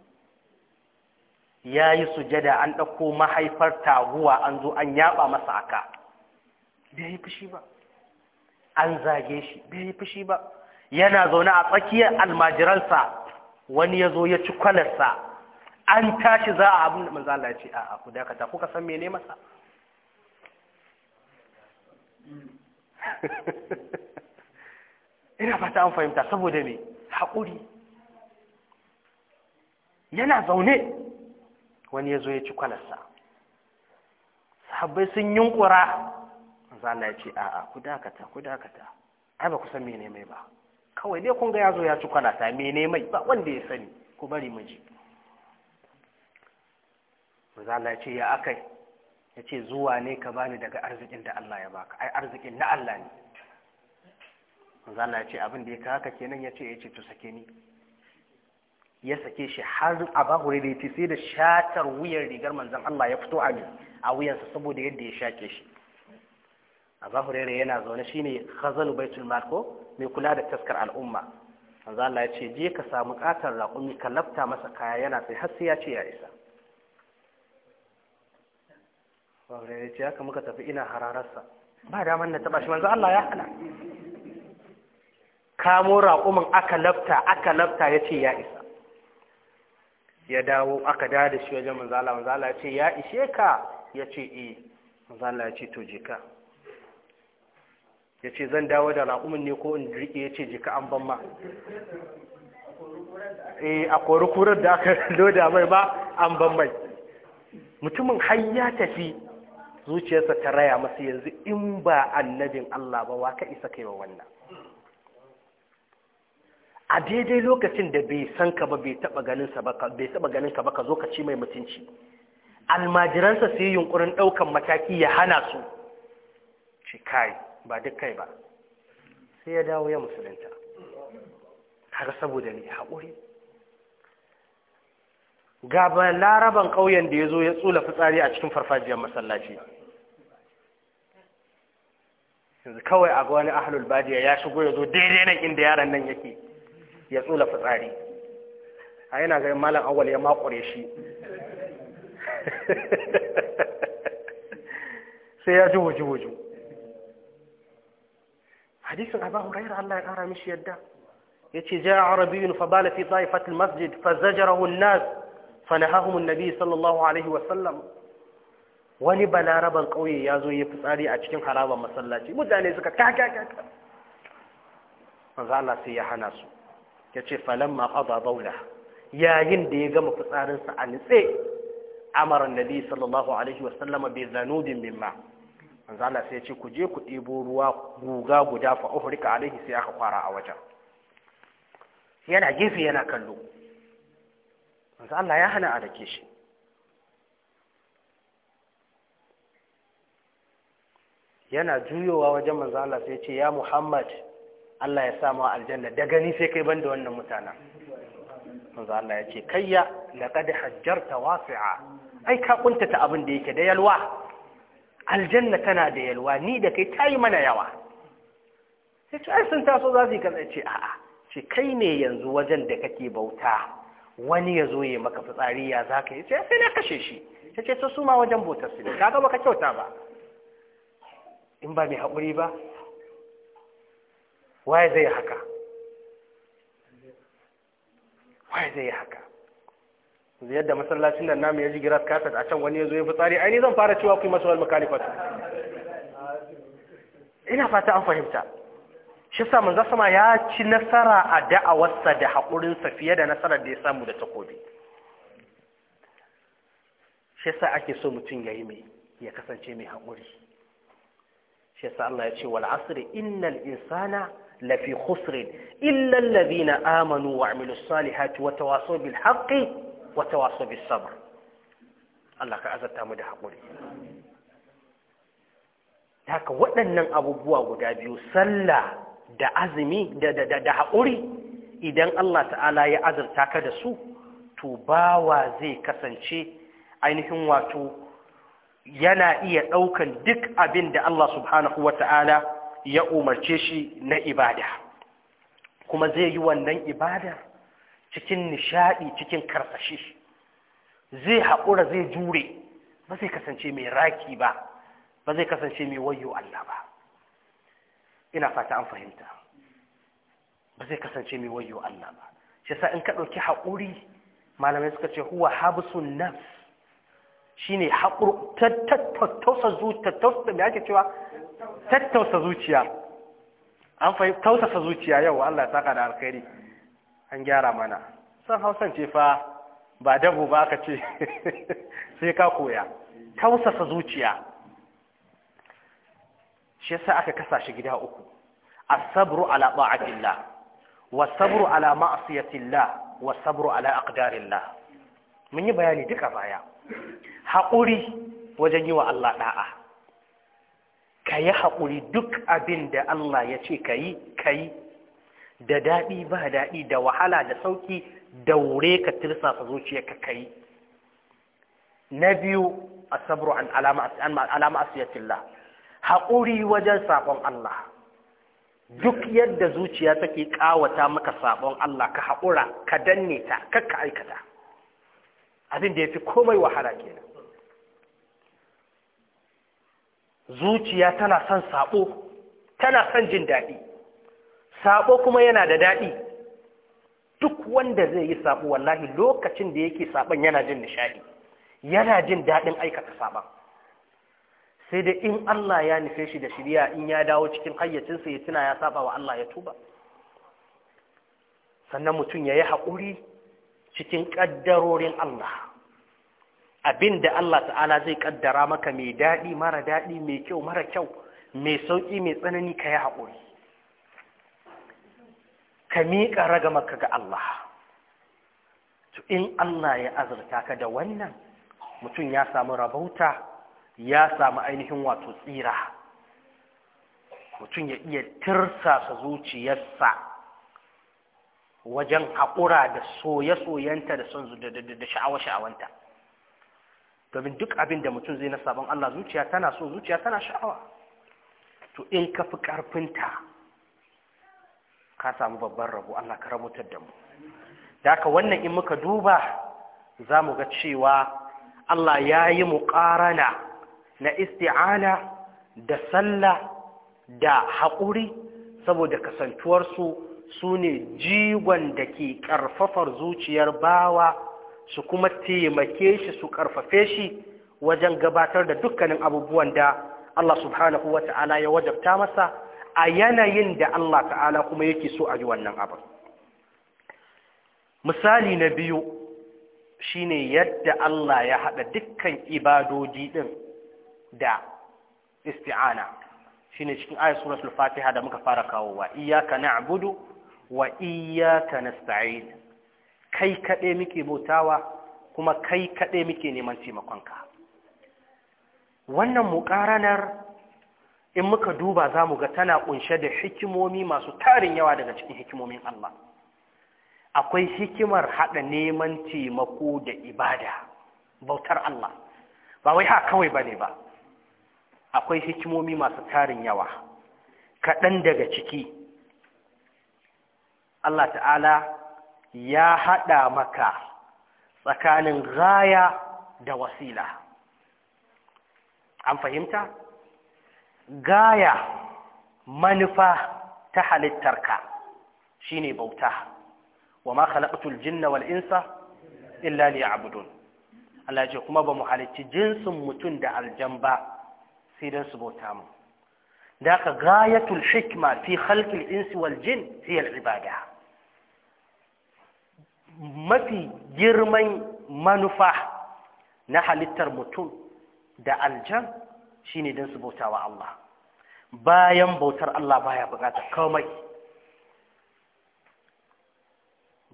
ya yi sujada an ɗauko mahaifar taguwa an zo an yaba masa aka da yi fushi ba an zage shi da yi fushi ba yana zaune a tsakiyar almajiransa wani ya zo ya ci kwalarsa an tashi za a abin da manzo ce a'a ku dakata kuka san mene masa ina fata an fahimta saboda me haƙuri yana zaune wani ya zo ya ci kwanarsa sahabbai sun yunkura zala ya ce a'a ku dakata ku dakata ai ba ku san mene mai ba kawai dai kun ga ya zo ya ci kwanarsa mene mai ba wanda ya sani ku bari mu ji manzo Allah ya ce ya ya ce zuwa ne ka bani daga arzikin da Allah ya baka ai arzikin na Allah ne manzo ya ce abin da ya haka kenan ya ce ya ce to sake ni ya sake shi har abahure da ya sai da shatar wuyar rigar manzan Allah ya fito a wuyansa saboda yadda ya shake shi aba yana zaune shine khazanu baitul Marko mai kula da taskar al'umma manzo ya ce je ka samu katar raƙumi ka lafta masa kaya yana sai har sai ya ce ya isa wanda ya ce haka ka tafi ina hararsa ba damar na taba shi manzo Allah ya hana kamo raƙumin aka lafta aka lafta ya ce ya isa ya dawo aka dawo da shi wajen manzo Allah manzo Allah ya ce ya ishe ka ya ce eh manzo Allah ya ce to je ka ya ce zan dawo da raƙumin ne ko in riƙe ya ce jika an ban ma eh a kori kurar da aka loda mai ba an ban mai mutumin har ya tafi zuciyarsa ta raya masu yanzu in ba annabin Allah ba wa ka isa kai wa wannan a daidai lokacin da bai san ka ba bai taba ganin ka ba ka zo ka ci mai mutunci almajiransa sai yunkurin daukan mataki ya hana su ci kai ba duk kai ba sai ya dawo ya musulunta har saboda ne haƙuri ga laraban ƙauyen da ya zo ya tsula fitsari a cikin farfajiyar masallaci yanzu kawai a wani ahlul badiya ya shigo ya zo daidai nan inda yaran nan yake ya tsula fitsari a yana ganin malam awal ya makure shi sai ya ji wuju-wuju hadisin abu hurairu Allah ya ƙara mishi yadda ya ce ja yin fa bala fi fatil masjid fa zajarar an fanahahum annabi sallallahu alaihi wasallam wani balaraban ƙauye ya zo ya fitsari a cikin harabar masallaci mutane suka kakakaka manzo Allah sai ya hana su yace falamma qada bawla yayin da ya gama fitsarinsa a nitse amara annabi sallallahu alaihi wasallam bi zanubin mimma manzo Allah sai ya ce ku je ku ɗebo ruwa guga guda fa uhrika alaihi sai aka kwara a wajen yana gefe yana kallo wanzu Allah ya hana a dake shi yana juyowa wajen manzo Allah sai ce ya Muhammad Allah ya samu aljanna da gani sai kai da wannan mutana manzo Allah ya ce kayya laqad hajjarta wasi'a ai ka kuntata abin da yake da yalwa aljanna tana da yalwa ni da kai tayi mana yawa sai ce ai sun taso za su yi kaza ce a'a ce kai ne yanzu wajen da kake bauta wani ya zo ya maka fitsari ya za ka yi ce sai na kashe shi ta ce ta suma wajen bautar su ne gaba ka kyauta ba in ba mai haƙuri ba waye zai haka waye zai haka yadda masallacin nan namu ya ji giras kasar a can wani ya zo yi fitsari aini zan fara cewa kuma masu wal makalifatu ina fata an fahimta shi sa manzo sama ya ci nasara a da'awarsa da haƙurinsa fiye da nasarar da ya samu da takobi shi sa ake so mutum ya yi mai ya kasance mai haƙuri shi sa Allah ya ce wal asri innal insana lafi khusrin illa alladhina amanu wa amilus salihati wa tawasaw bil haqqi wa tawasaw bis sabr Allah ka azarta mu da haƙuri haka waɗannan abubuwa guda biyu sallah da azumi da da haƙuri idan Allah ta'ala ya azurta ka da su to bawa zai kasance ainihin wato yana iya ɗaukan duk abin da Allah subhanahu wa ta'ala ya umarce shi na ibada kuma zai yi wannan ibada cikin nishaɗi cikin karsashi zai haƙura zai jure ba zai kasance mai raki ba ba zai kasance mai wayo Allah ba ina fata an fahimta ba zai kasance mai wayo Allah ba shi sa in ka ɗauki haƙuri malamai suka ce huwa habsun nafs shine haƙur tattausa zuciya tattausa zuciya an fahimta tausasa zuciya yau Allah saka da alkhairi an gyara mana san hausan ce fa ba dabo ba aka ce sai ka koya tausasa zuciya shi yasa aka kasa shi gida uku as-sabru ala ta'atillah wa sabru ala ma'siyatillah wa sabru ala aqdarillah mun yi bayani duka baya haƙuri wajen yi wa Allah da'a ka yi haƙuri duk abin da Allah ya ce ka yi ka yi da daɗi ba daɗi da wahala da sauƙi daure ka tirsasa zuciyarka ka yi na biyu asabru an alama asiyatillah haƙuri wajen saɓon Allah duk yadda zuciya take ƙawata maka saɓon Allah ka haƙura ka danne ta kar ka aikata abin da ya fi komai wahala kenan zuciya tana son saɓo tana son jin daɗi saɓo kuma yana da daɗi duk wanda zai yi saɓo wallahi lokacin da yake saɓon yana jin nishaɗi yana jin daɗin aikata saɓon sai dai in Allah ya nufe shi da shirya in ya dawo cikin hayyacinsa ya tuna ya saba wa Allah ya tuba sannan mutum ya yi haƙuri cikin ƙaddarorin Allah abin da Allah ta'ala zai ƙaddara maka mai daɗi mara daɗi mai kyau mara kyau mai sauƙi mai tsanani ka yi haƙuri ka miƙa ragamarka ga Allah in Allah ya azurta ka da wannan mutum ya samu rabauta ya samu ainihin wato tsira mutum ya iya tirsasa zuciyarsa wajen haƙura da soye-soyenta da son da sha'awa-sha'awanta domin duk abin da mutum zai na sabon Allah zuciya tana so zuciya tana sha'awa to in ka fi ƙarfinta ka samu babban rabo Allah ka rabutar da mu da aka wannan in muka duba za mu ga cewa Allah ya yi mu na isti'ana da sallah da haƙuri saboda kasantuwarsu su ne jigon da ke ƙarfafar zuciyar bawa su kuma taimake shi su ƙarfafe shi wajen gabatar da dukkanin abubuwan da Allah subhanahu wa ta'ala ya wajabta masa a yanayin da Allah ta'ala kuma yake so a yi wannan abin. Misali na biyu shine yadda Allah ya haɗa dukkan ibadoji ɗin da isti'ana shine cikin ayat al fatiha da muka fara kawowa iyyaka na'budu wa iyyaka nasta'in kai kaɗai muke bautawa kuma kai kaɗai muke neman taimakonka wannan muƙaranar in muka duba za ga tana kunshe da hikimomi masu tarin yawa daga cikin hikimomin Allah akwai hikimar hada neman taimako da ibada bautar Allah ba wai ha kawai bane ba akwai hikimomi masu tarin yawa kaɗan daga ciki Allah ta'ala ya haɗa maka tsakanin gaya da wasila an fahimta gaya manufa ta halittarka shine bauta wa ma khalaqatul jinna wal insa illa liya'budun Allah ya ce kuma ba mu halicci jinsin mutum da aljamba sai don su bauta mu da ka gayatul hikma fi halkin insi wal jin siyar ibada mafi girman manufa na halittar mutum da aljan shine don su bauta wa Allah bayan bautar Allah baya bukatar komai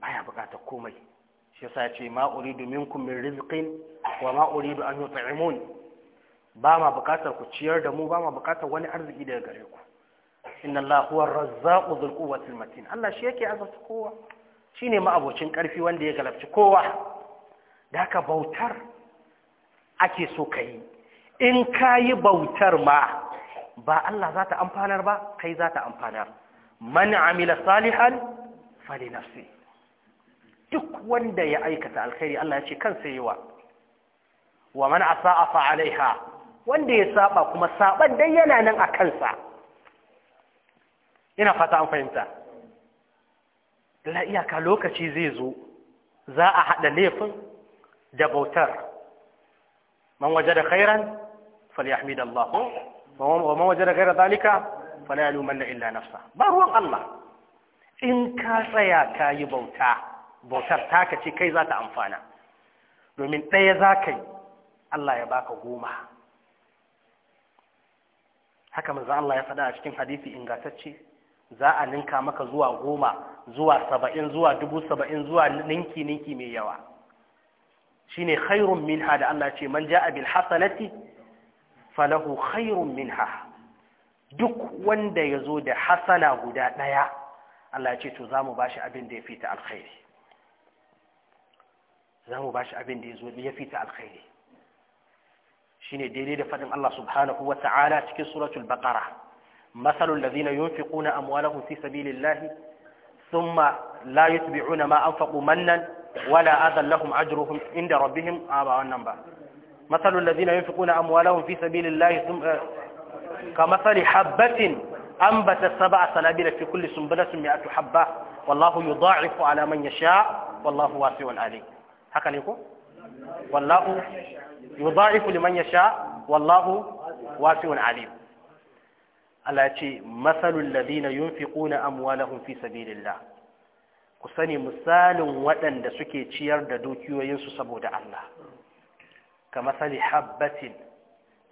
baya bukatar komai shi yasa ce ma minkum min rizqin wa ma uridu an yut'imun ba ma bukatar ku ciyar da mu ba ma bukatar wani arziki daga gare ku inna Allah huwa razzaqu dhul quwwatil matin Allah shi yake azabta kowa shine ma'abocin karfi wanda ya galabci kowa da haka bautar ake so kai in kayi bautar ma ba Allah za ta amfanar ba kai za ta amfanar man amila salihan fali nafsi duk wanda ya aikata alkhairi Allah ya ce kansa yiwa wa man asa'a fa alaiha wanda ya saba kuma saban dai yana nan a kansa ina fata an fahimta la iyaka lokaci zai zo za a haɗa laifin da bautar man waje da khairan falyahmid Allah wa man waje da khairan zalika falayalumanna illa nafsa ba ruwan Allah in ka tsaya ka yi bauta bautar taka ce kai za ta amfana domin ɗaya za ka Allah ya baka goma haka manzo Allah ya faɗa a cikin hadisi ingantacce za a ninka maka zuwa goma zuwa saba'in zuwa dubu saba'in zuwa ninki ninki mai yawa shine khairun minha da Allah ce man ja'a bil hasanati falahu khairun minha duk wanda ya zo da hasana guda ɗaya Allah ce to za mu abin da ya fita alkhairi ya fita alkhairi shine daidai da fadin Allah subhanahu wa ta'ala cikin suratul baqara masalul ladhina yunfiquna amwalahum fi sabilillahi thumma la yutbi'una ma anfaqu mannan wala adhan lahum ajruhum inda rabbihim aba ah, wannan ba masalul ladhina yunfiquna amwalahum fi sabilillahi thumma masali habatin anbatat sab'a sanabila fi kulli sunbulatin mi'atu habba wallahu yudha'ifu ala man yasha wallahu wasi'un alim haka ne ko wallahu yudha'ifu liman yasha wallahu wasi'un alim Allah ya ce masalul ladina yunfiquna amwalahum fi sabilillah ku sani misalin waɗanda suke ciyar da dukiyoyinsu saboda Allah ka masali habbatin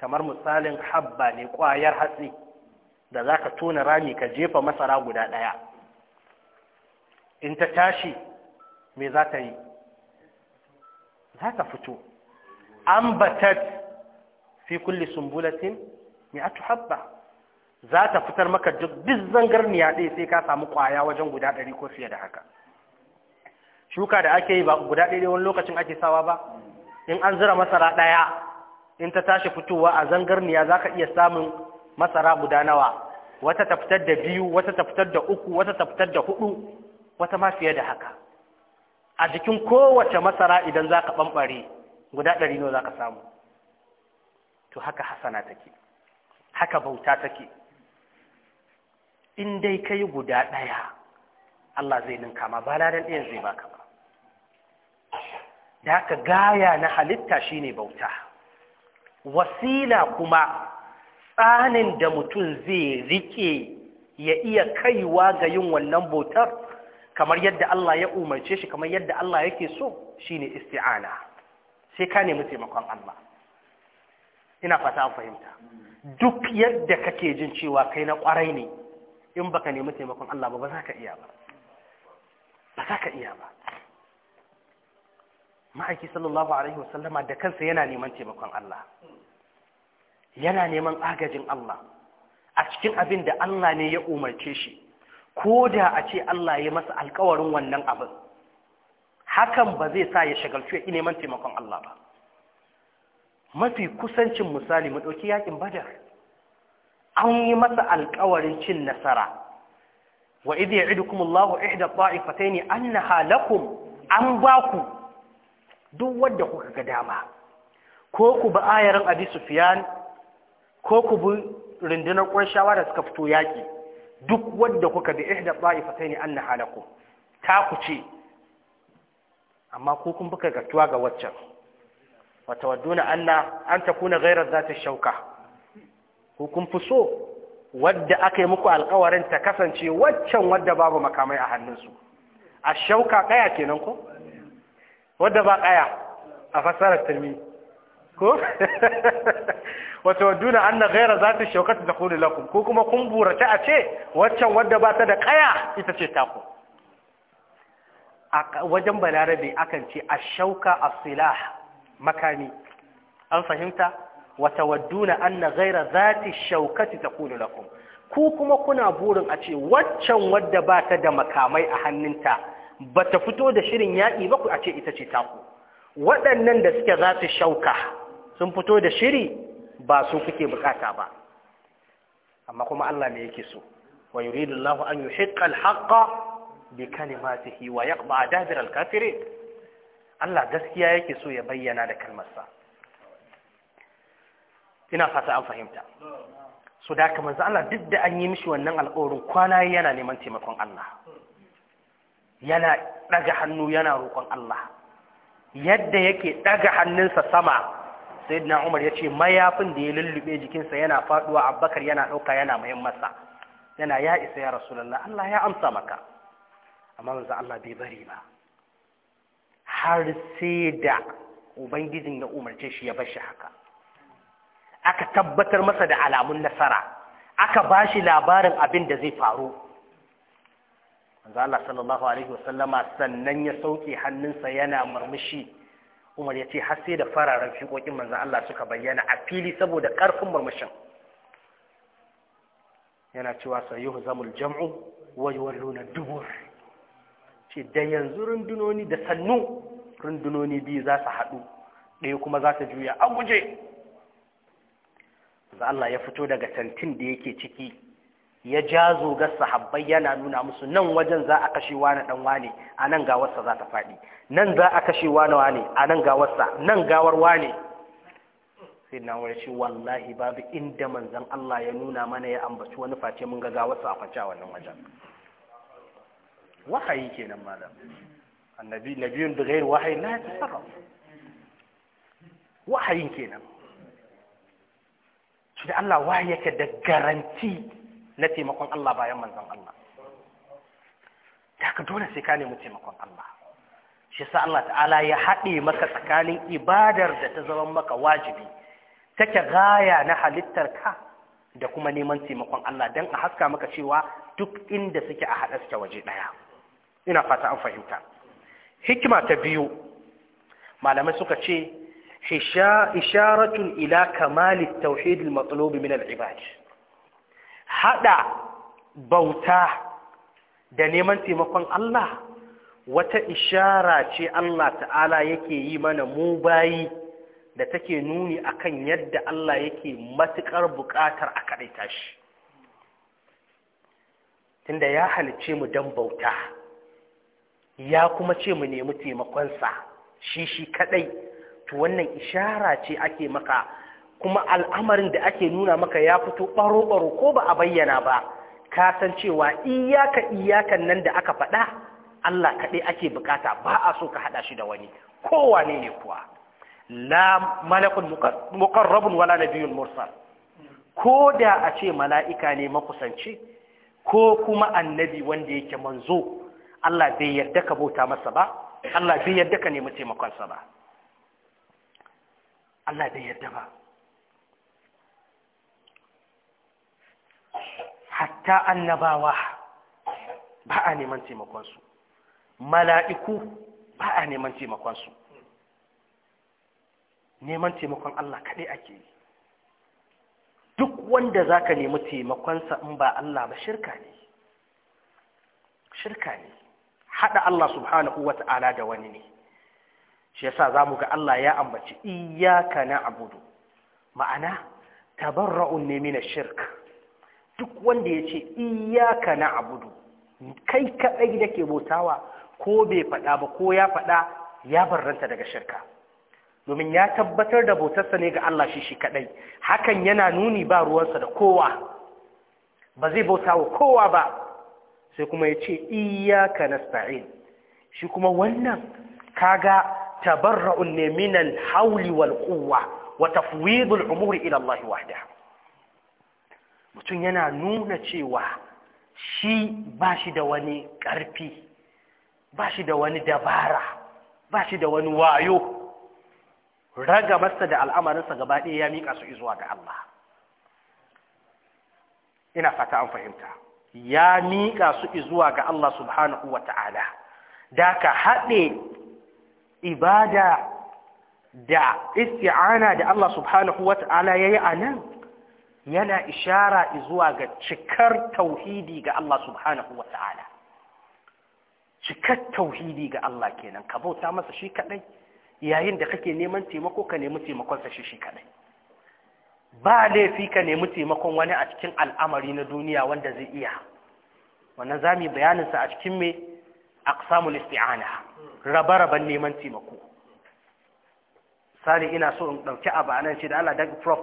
kamar misalin habba ne ƙwayar hatsi da za ka tona rami ka jefa masara guda ɗaya in ta tashi me za ta yi za ta fito ambatat fi kulli sumbulatin mi'atu habba za ta fitar maka duk zangar zangarniya ɗaya sai ka samu kwaya wajen guda ɗari ko fiye da haka shuka da ake yi ba guda ɗaya wani lokacin ake sawa ba in an zira masara ɗaya in ta tashi fitowa a zangarniya za ka iya samun masara guda nawa wata ta fitar da biyu wata ta fitar da uku wata ta fitar da hudu wata ma fiye da haka a jikin kowace masara idan za ka ɓamɓare guda ɗari nawa za ka samu to haka hasana take haka bauta take in dai ka yi guda ɗaya Allah zai ninka ma ba ladan ɗayan zai baka ba da haka gaya na halitta shine bauta wasila kuma tsanin da mutum zai rike ya iya kaiwa ga yin wannan bautar kamar yadda Allah ya umarce shi kamar yadda Allah yake so shine isti'ana sai ka nemi taimakon Allah ina fata an fahimta duk yadda kake jin cewa kai na kwarai ne in baka nemi taimakon Allah ba ba za ka iya ba ba za ka iya ba ma'aiki sallallahu alaihi wasallama da kansa yana neman taimakon Allah yana neman agajin Allah a cikin abin da Allah ne ya umarce shi ko da a ce Allah ya masa alkawarin wannan abin hakan ba zai sa ya shagaltu ya neman taimakon Allah ba mafi kusancin misali mu ɗauki yakin badar an yi masa alƙawarin cin nasara wa ya idh ya'idukumullahu ihda ta'ifatayn annaha ne an ba ku. duk wadda kuka ga dama ko ku bi ayarin abi sufiyan ko ku bi rundunar ƙwarshawa da suka fito yaƙi duk wadda kuka bi ihda an na halakun, ta ku ce amma ko kun buka gatuwa ga waccan wata wadduna anna an ta kuna gairar za ta shauka ko kun fi so wadda aka yi muku alƙawarin ta kasance waccan wadda babu makamai a hannunsu a shauka kaya kenan ko wadda ba kaya a fasarar tarmi ko wata wadduna anna gaira za ta shaukata da kuni lakum ko kuma kun burata a ce waccan wadda ba ta da kaya ita ce taku wajen balarabe akan ce a shauka a silah makami an fahimta wa tawadduna anna ghayra ta ta takunu lakum ku kuma kuna burin a ce waccan wadda ba ta da makamai a hannunta ba ta fito da shirin yaƙi ba ku a ce ita ce taku waɗannan da suke za su shauka sun fito da shiri ba su kuke bukata ba amma kuma Allah ne yake so wa yuridullahu an yuhiqqa al-haqqa bi kalimatihi wa yaqba adabir al-kafirin Allah gaskiya yake so ya bayyana da kalmarsa ina fata an fahimta so da haka manzo Allah duk da an yi mishi wannan alƙawarin kwana yana neman taimakon Allah yana daga hannu yana roƙon Allah yadda yake daga hannunsa sama sayyidina Umar yace mayafin da ya lullube jikinsa yana faduwa Abubakar yana dauka yana mayin masa yana ya isa ya Rasulullah Allah ya amsa maka amma manzo Allah bai bari ba har sai da ubangijin ya umarce shi ya bashi haka aka tabbatar masa da alamun nasara aka bashi labarin abin da zai faru manzo Allah sallallahu alaihi wasallama sannan ya sauke hannunsa yana murmushi Umar ya ce har sai da fararen fiƙoƙin manzo Allah suka bayyana a fili saboda ƙarfin murmushin yana cewa sayuhu zamul jam'u wa yuwalluna dubur ce da yanzu rundunoni da sannu rundunoni biyu za su haɗu ɗaya kuma za su juya a guje Allah ya fito daga tantin da yake ciki ya ja zogar sahabbai yana nuna musu nan wajen za a kashe wani dan wane a nan gawarsa za ta faɗi nan za a kashe wani wane a nan gawarsa nan gawar wane sai na wani ce wallahi babu inda manzan Allah ya nuna mana ya ambaci wani face mun ga gawarsa a face a wannan wajen wahayi kenan malam annabi nabiyun da gairu wahayi la yatasarraf kenan shi da Allah wahayi yake da garanti na taimakon Allah bayan manzon Allah daga dole sai ka nemi taimakon Allah shi sa Allah ta'ala ya haɗe maka tsakanin ibadar da ta zama maka wajibi take gaya na halittar ka da kuma neman taimakon Allah don a haska maka cewa duk inda suke a haɗa suke waje ɗaya ina fata an fahimta hikima ta biyu malamai suka ce isharatun ila kamali tauhid al min al-ibad hada bauta da neman taimakon Allah wata ishara ce Allah ta'ala yake yi mana mu bayi da take nuni akan yadda Allah yake matukar buƙatar a kaɗaita shi tunda ya halice mu don bauta ya kuma ce mu nemi taimakonsa shi shi kadai to wannan ishara ce ake maka kuma al'amarin da ake nuna maka ya fito baro-baro ko ba a bayyana ba ka san cewa iyaka iyakan nan da aka faɗa Allah kaɗai ake bukata ba a so ka haɗa shi da wani kowane ne kuwa la malakun muqarrabun wala nabiyyun mursal ko da a ce mala'ika ne makusanci ko kuma annabi wanda yake manzo Allah bai yarda ka bauta masa ba Allah bai yarda ka nemi taimakonsa ba Allah bai yarda ba hatta annabawa ba a neman taimakonsu mala'iku ba a neman taimakonsu neman taimakon Allah kaɗai ake yi duk wanda za ka nemi taimakonsa in ba Allah ba shirka ne shirka ne haɗa Allah subhanahu wa ta'ala da wani ne shi yasa za mu ga Allah ya ambaci iyaka na abudu ma'ana tabarra'un ne mina shirk duk wanda ya ce iyaka na abudu kai kaɗai da ke bautawa ko bai faɗa ba ko ya faɗa ya barranta daga shirka domin ya tabbatar da bautarsa ne ga Allah shi shi kaɗai hakan yana nuni ba ruwansa da kowa ba zai bauta wa kowa ba sai kuma ya ce iyaka nasta'in shi kuma wannan kaga tabarra'un ne min al-hawli wal quwwa wa tafwid al-umur ila mutum yana nuna cewa shi bashi da wani ƙarfi bashi da wani dabara bashi da wani wayo raga masa da al'amarinsa gaba ɗaya ya miƙa su izuwa ga Allah ina fata an fahimta ya miƙa su izuwa ga Allah subhanahu wa ta'ala da ka haɗe ibada da isti'ana da Allah subhanahu wa ta'ala ya yi a nan yana ishara izuwa ga cikar tauhidi ga Allah subhanahu wa ta'ala cikar tauhidi ga Allah kenan ka bauta masa shi kaɗai yayin da kake neman taimako ka nemi taimakonsa shi shi kaɗai ba laifi ka nemi taimakon wani a cikin al'amari na duniya wanda zai iya wannan za mu yi bayaninsa a cikin mai aqsamul isti'ana raba-raban neman taimako sani ina so in ɗauki abu a nan ce da Allah da prof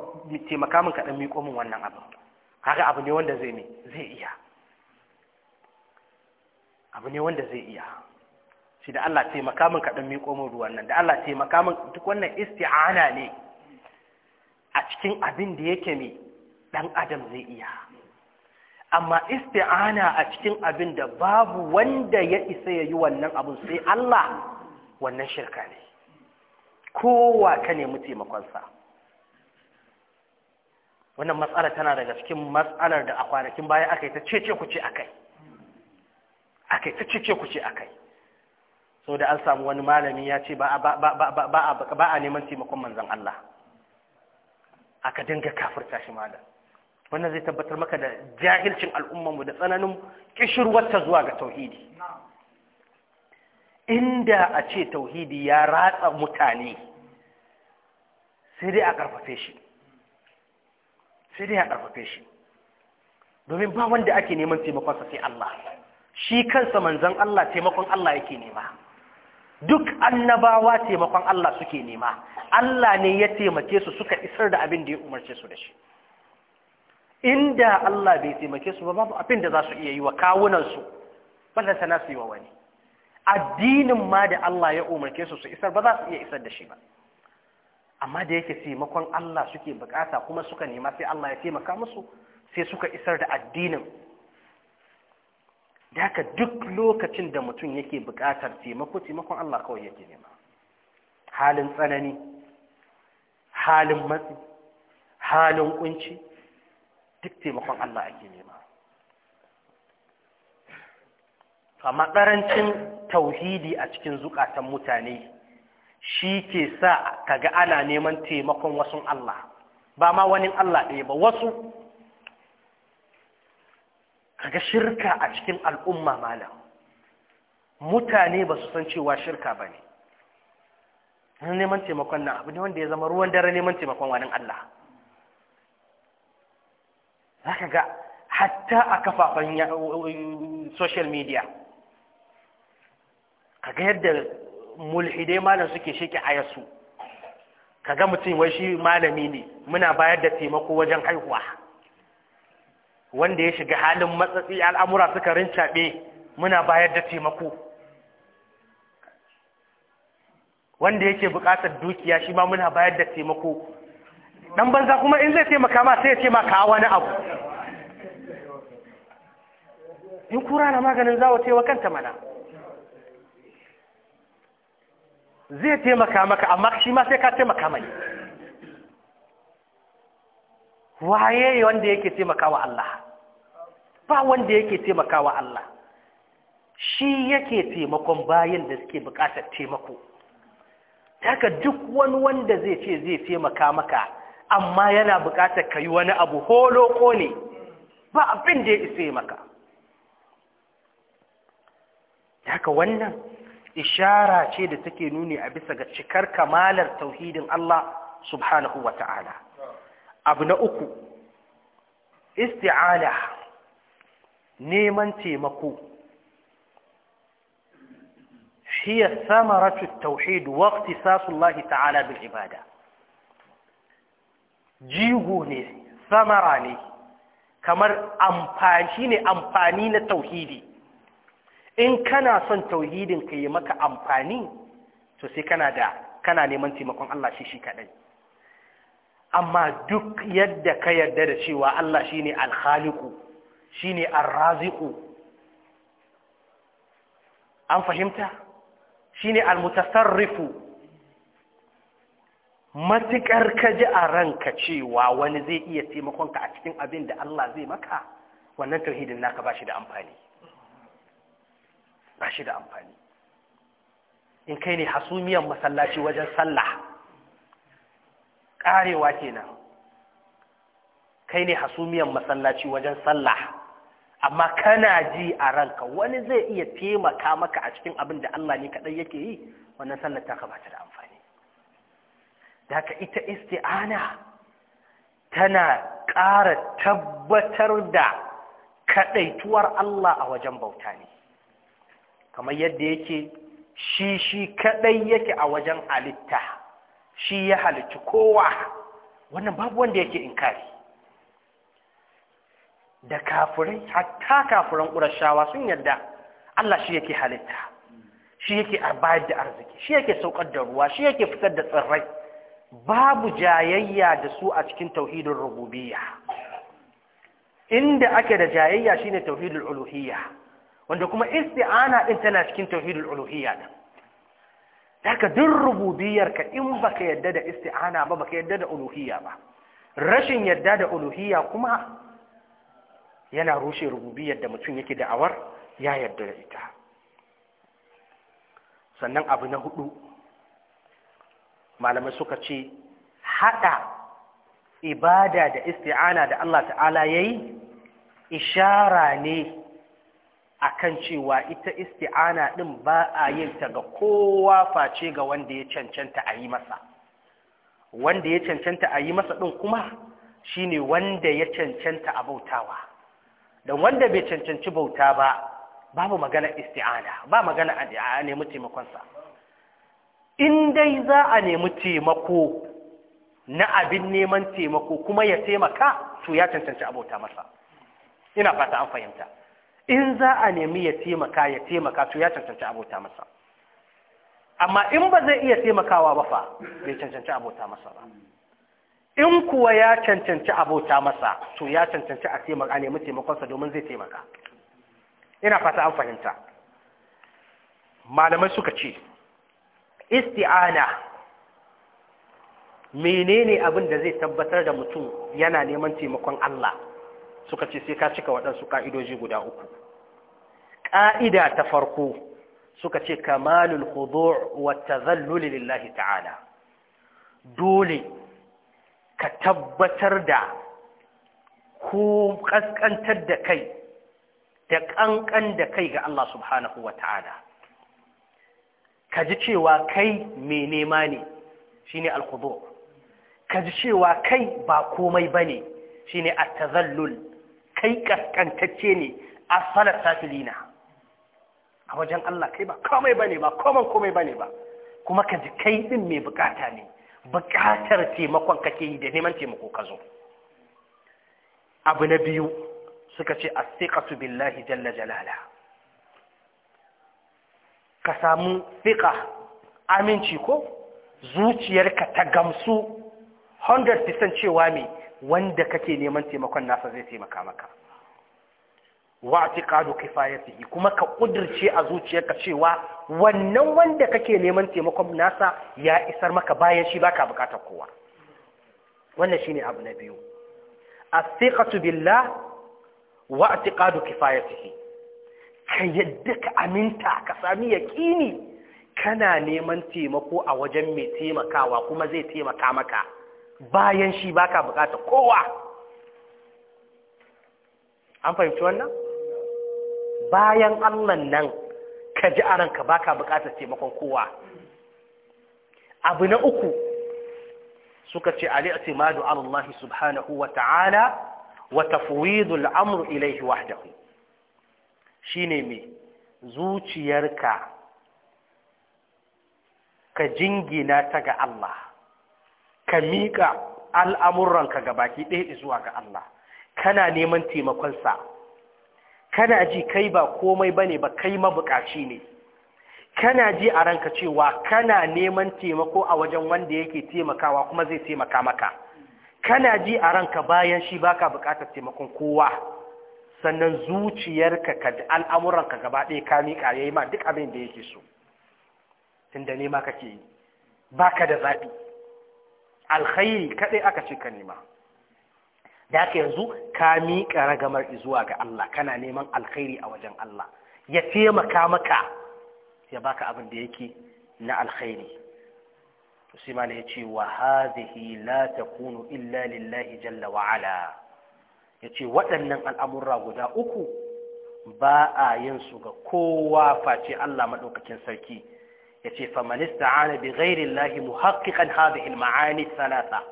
taimaka min kaɗan miƙo min wannan abu haka abu ne wanda zai ne zai iya abu ne wanda zai iya shi da Allah taimaka min kaɗan miƙo min ruwan nan da Allah taimaka min duk wannan isti'ana ne a cikin abin da yake mai ɗan adam zai iya amma isti'ana a cikin abin da babu wanda ya isa ya yi wannan abin sai Allah wannan shirka ne kowa ka nemi taimakonsa wannan matsala tana daga cikin matsalar da a kwanakin baya aka yi ta cece kuce akai yi ta cece kuce akai so da an samu wani malami ya ce ba a neman taimakon manzan Allah aka dinga kafirta shi malam wannan zai tabbatar maka da jahilcin mu da tsananin kishirwarta zuwa ga tauhidi inda a ce tauhidi ya ratsa mutane sai dai a ƙarfafe shi sai dai a ƙarfafe shi domin ba wanda ake neman taimakonsa sai Allah shi kansa manzan Allah taimakon Allah yake nema duk annabawa taimakon Allah suke nema Allah ne ya taimake su suka isar da abin da ya umarce su da shi inda Allah bai taimake su ba babu abin da za su iya yi wa kawunansu ballan sana su yi wa wani addinin ma da Allah ya umarce su su isar ba za su iya isar da shi ba amma da yake taimakon Allah suke bukata kuma suka nema sai Allah ya taimaka musu sai suka isar da addinin Daka duk lokacin da mutum yake buƙatar taimako taimakon Allah kawai yake nema halin tsanani halin matsi halin kunci duk taimakon Allah ake nema amma matsarancin tauhidi a cikin zukatan mutane shi ke sa kaga ana neman taimakon wasu Allah ba ma wani Allah ɗaya ba wasu kaga shirka a cikin al'umma malam mutane ba su san cewa shirka ba ne neman taimakon nan abu ne wanda ya zama ruwan dare neman taimakon wani Allah za ka ga hatta a kafafen social media kaga yadda mulhidai malam suke sheke yasu kaga mutum wai shi malami ne muna bayar da taimako wajen haihuwa wanda ya shiga halin matsatsi al'amura suka rincaɓe muna bayar da taimako wanda yake buƙatar dukiya shi ma muna bayar da taimako Ɗan banza kuma in zai taimaka ma sai ya ce wani abu in kura na maganin zawo tewa kanta mana zai taimaka maka amma shi ma sai ka taimaka mai waye wanda yake taimaka wa Allah ba wanda yake taimakawa Allah shi yake taimakon bayan da suke bukatar taimako haka duk wani wanda zai ce zai taimaka maka amma yana bukatar ka yi wani abu holoko ne ba abin da ya isa maka haka wannan ishara ce da take nuni a bisa ga cikar kamalar tauhidin Allah subhanahu wa ta'ala abu na uku isti'ala neman taimako hiya samaratu tauhid wa sasullahi ta'ala bin ibada jigo ne samara ne kamar amfani ne amfani na tauhidi in kana son tauhidin ka yi maka amfani to sai kana da kana neman taimakon Allah shi shi kadai amma duk yadda ka yarda da cewa Allah shine alkhaliqu shine ar an fahimta shine al matukar matuƙar ka ji a ranka cewa wani zai iya taimakonka a cikin abin da Allah zai maka wannan tauhidin naka ba shi da amfani ba shi da amfani in kai ne hasumiyar masallaci wajen sallah ƙarewa kenan kai ne hasumiyar masallaci wajen sallah amma kana ji a ranka wani zai iya taimaka maka a cikin abin da Allah ne kaɗai yake yi wannan sallar ta kamata da amfani da ka ita isti'ana tana ƙara tabbatar da kaɗaituwar Allah a wajen bauta ne kamar yadda yake shi shi kaɗai yake a wajen halitta shi ya halitta kowa wannan babu wanda yake inkari da kafirai hatta kafiran ƙurashawa sun yarda Allah shi yake halitta shi yake bayar da arziki shi yake saukar da ruwa shi yake fitar da tsirrai babu jayayya da su a cikin tauhidin rububiyya inda ake da jayayya shine tauhidul uluhiyya wanda kuma isti'ana din tana cikin tauhidul uluhiyya da haka din rububiyyar ka in baka yadda da isti'ana ba baka yadda da uluhiyya ba rashin yadda da uluhiyya kuma yana rushe rububiyar yadda mutum yake da'awar ya yarda da ita sannan abu na hudu malamai suka ce haɗa ibada da isti'ana da Allah ta'ala ya yi ishara ne a kan cewa ita isti'ana ɗin ba a yin ta ga kowa face ga wanda ya cancanta a yi masa wanda ya cancanta a yi masa ɗin kuma shine wanda ya cancanta a bautawa don wanda bai cancanci bauta ba babu magana isti'ana ba magana a nemi taimakonsa in dai za a nemi taimako na abin neman taimako kuma ya taimaka to ya cancanci abota masa ina fata an fahimta in za a nemi ya taimaka ya taimaka to ya cancanci abota masa amma in ba zai iya taimakawa ba fa bai cancanci abota masa ba in kuwa ya cancanci abota masa to ya cancanci a taimaka a nemi taimakonsa domin zai taimaka ina fata an fahimta malamai suka ce isti'ana menene abin da zai tabbatar da mutum yana neman taimakon Allah suka ce sai ka cika waɗansu ƙa'idoji guda uku ƙa'ida ta farko suka ce kamalul hudu wa tazalluli lillahi ta'ala dole ka tabbatar da ko kaskantar da kai da ƙanƙan da kai ga Allah subhanahu wa ta'ala ka ji cewa kai mai nema ne shi ne alkudu ka ji cewa kai ba komai ba ne shi ne kai kaskantacce ne a salar safilina a wajen Allah kai ba komai ba ne ba komai ba ne ba kuma ka ji kai ɗin mai bukata ne Bukatar taimakon kake yi da neman taimako ka zo abu na biyu suka ce as billahi jalla jalala ka samu siƙa aminci ko zuciyarka ta gamsu 100% cewa ne wanda kake neman taimakon nasa zai taimaka maka wa atiqadu kifayatihi kuma ka kudirce a zuciyarka cewa wannan wanda kake neman taimakon nasa ya isar maka bayan shi baka bukatar kowa wannan shine abu na biyu athiqatu billah wa atiqadu kifayatihi ka yadda ka aminta ka sami yaqini kana neman taimako a wajen mai taimakawa kuma zai taimaka maka bayan shi baka bukatar kowa an fahimci wannan bayan Allah nan ka ji a ranka ka buƙatar taimakon kowa abu na uku suka ce ali atimadu Allah subhanahu wa ta'ala wa tafwidul amru ilaihi wahdahu shine me zuciyarka ka jingina ta ga Allah ka miƙa al'amuranka ga baki ɗaya zuwa ga Allah kana neman taimakonsa kana ji kai ba komai bane ba kai mabukaci ne kana ji a ranka cewa kana neman taimako a wajen wanda yake taimakawa kuma zai taimaka maka kana ji a ranka bayan shi baka bukatar taimakon kowa sannan zuciyarka ka ji al'amuranka gaba ɗaya ka miƙa ya ma duk abin da yake so tunda nema kake yi baka da zaɓi alkhairi kaɗai aka ce ka nema da haka yanzu ka miƙa ragamar izuwa ga Allah kana neman alkhairi a wajen Allah ya taimaka maka ya baka abin da yake na alkhairi to sai malai yace wa hadhihi la takunu illa lillahi jalla wa ala yace waɗannan al'amurra guda uku ba a yin su ga kowa face Allah madaukakin sarki yace faman ista'ana bi ghairi llahi muhaqqiqan hadhihi al-ma'ani thalatha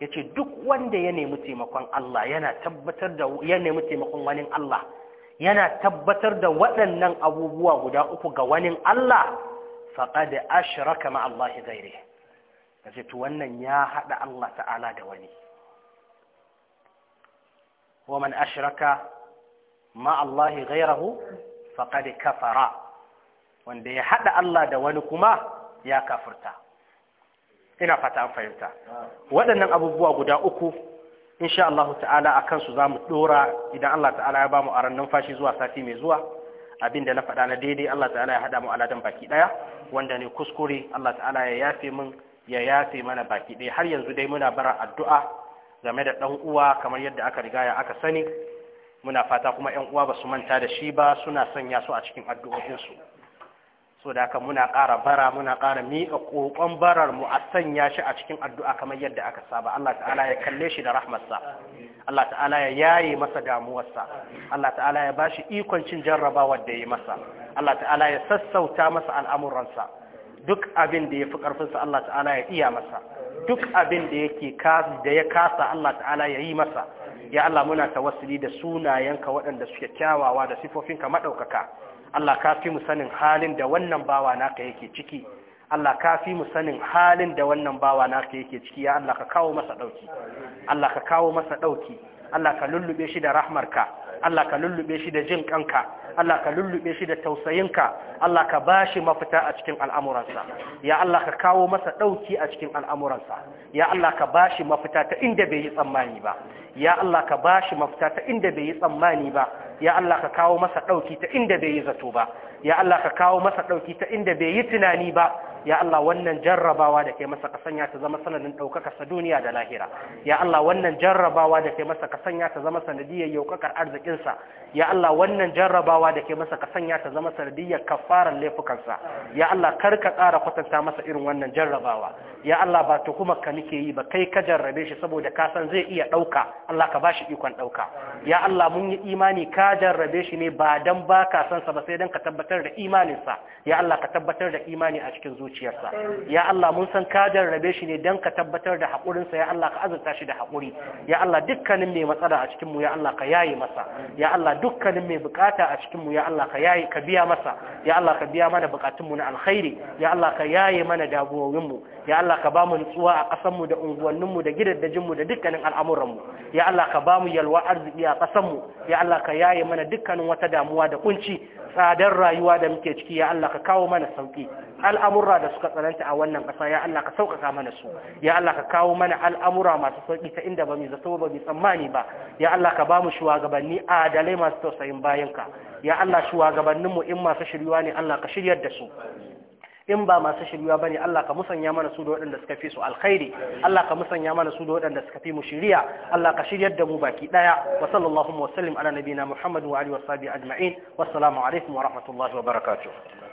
ya ce duk wanda ya nemi taimakon Allah yana tabbatar da ya nemi taimakon wani Allah yana tabbatar da waɗannan abubuwa guda uku ga wani Allah faqad ashraka ma Allah zaire. ya ce wannan ya haɗa Allah ta'ala da wani Waman man ashraka ma Allah ghairahu faqad kafara wanda ya haɗa Allah da wani kuma ya kafurta. ina fata an fahimta ah. waɗannan abubuwa guda uku insha Allah ta'ala a kansu za mu ɗora idan Allah ta'ala ya ba mu aran numfashi zuwa sati mai zuwa abin da na faɗa na daidai Allah ta'ala ya haɗa mu aladan baki ɗaya wanda ne kuskure Allah ta'ala ya yafe min ya yafe mana baki ɗaya har yanzu dai muna bara addu'a game da ɗan uwa kamar yadda aka riga ya aka sani muna fata kuma 'yan uwa ba su manta da shi ba suna sanya su a cikin addu'o'insu so da haka muna ƙara bara muna ƙara miƙa ƙoƙon barar mu a sanya shi a cikin addu'a kamar yadda aka saba Allah ta'ala ya kalle shi da rahmarsa Allah ta'ala ya yaye masa damuwarsa Allah ta'ala ya bashi ikon cin jarrabawar da ya yi masa Allah ta'ala ya sassauta masa al'amuransa duk abin da ya fi ƙarfinsa Allah ta'ala ya iya masa duk abin da yake da ya kasa Allah ta'ala ya yi masa ya Allah muna tawassuli da sunayenka waɗanda suke kyawawa da sifofinka maɗaukaka Allah ka fi mu sanin halin da wannan bawa naka yake ciki Allah ka fi mu sanin halin da wannan bawa naka yake ciki ya Allah ka kawo masa dauki Allah ka kawo masa ɗauki. Allah ka lullube shi da rahmarka Allah ka lullube shi da jin kanka Allah ka lullube shi da tausayinka Allah ka bashi mafita a cikin al'amuransa ya Allah ka kawo masa ɗauki a cikin al'amuransa ya Allah ka bashi mafita ta inda bai yi tsammani ba ya Allah ka ba shi mafita ta inda bai yi tsammani ba ya Allah ka kawo masa ɗauki ta inda bai yi zato ba ya Allah ka kawo masa ɗauki ta inda bai yi tunani ba ya Allah wannan jarrabawa da ke masa kasanya ta zama sanadin ɗaukaka sa duniya da lahira ya Allah wannan jarrabawa da ke masa kasanya ta zama sanadiyar yaukakar arzikinsa ya Allah wannan jarrabawa da ke masa kasanya ta zama sanadiyar kafaran laifukansa ya Allah kar ka ƙara kwatanta masa irin wannan jarrabawa ya Allah ba to kuma ka nike yi ba kai ka jarrabe shi saboda ka san zai iya ɗauka Allah ka shi ikon ɗauka ya Allah mun yi imani ka jarrabe shi ne ba don ba ka san sa ba sai don ka tabbatar da imaninsa ya Allah ka tabbatar da imani a cikin zuciyarsa ya Allah mun san ka jarrabe shi ne don ka tabbatar da haƙurinsa ya Allah ka azurta shi da haƙuri ya Allah dukkanin mai matsala a cikinmu? ya Allah ka yaye masa ya Allah dukkanin mai bukata a cikinmu? ya Allah ka yayi ka biya masa ya Allah ka biya mana bukatun na alkhairi ya Allah ka yaye mana damuwoyin ya Allah ka bamu nutsuwa a mu da mu da gidaddajinmu da dukkanin al'amuranmu ya Allah ka bamu yalwa arziki a mu. ya Allah ka yaye mana dukkanin wata damuwa da kunci tsadar rayuwa da muke ciki ya Allah ka kawo mana sauki al'amura da suka tsananta a wannan ƙasa ya Allah ka sauƙaƙa mana su ya Allah ka kawo mana al'amura masu sauki ta inda ba mu zato ba mu tsammani ba ya Allah ka bamu shugabanni adalai masu tausayin bayanka ya Allah shugabanninmu in masu shiryuwa ne Allah ka shiryar da su in ba masu shiriwa bane Allah ka musanya mana su da waɗanda suka fi su alkhairi Allah ka musanya mana su da waɗanda suka fi mu shiriya Allah ka shiryar da mu baki daya wa sallallahu wa sallim ala nabina Muhammad wa alihi wa sahbihi ajma'in wassalamu alaikum wa rahmatullahi wa barakatuh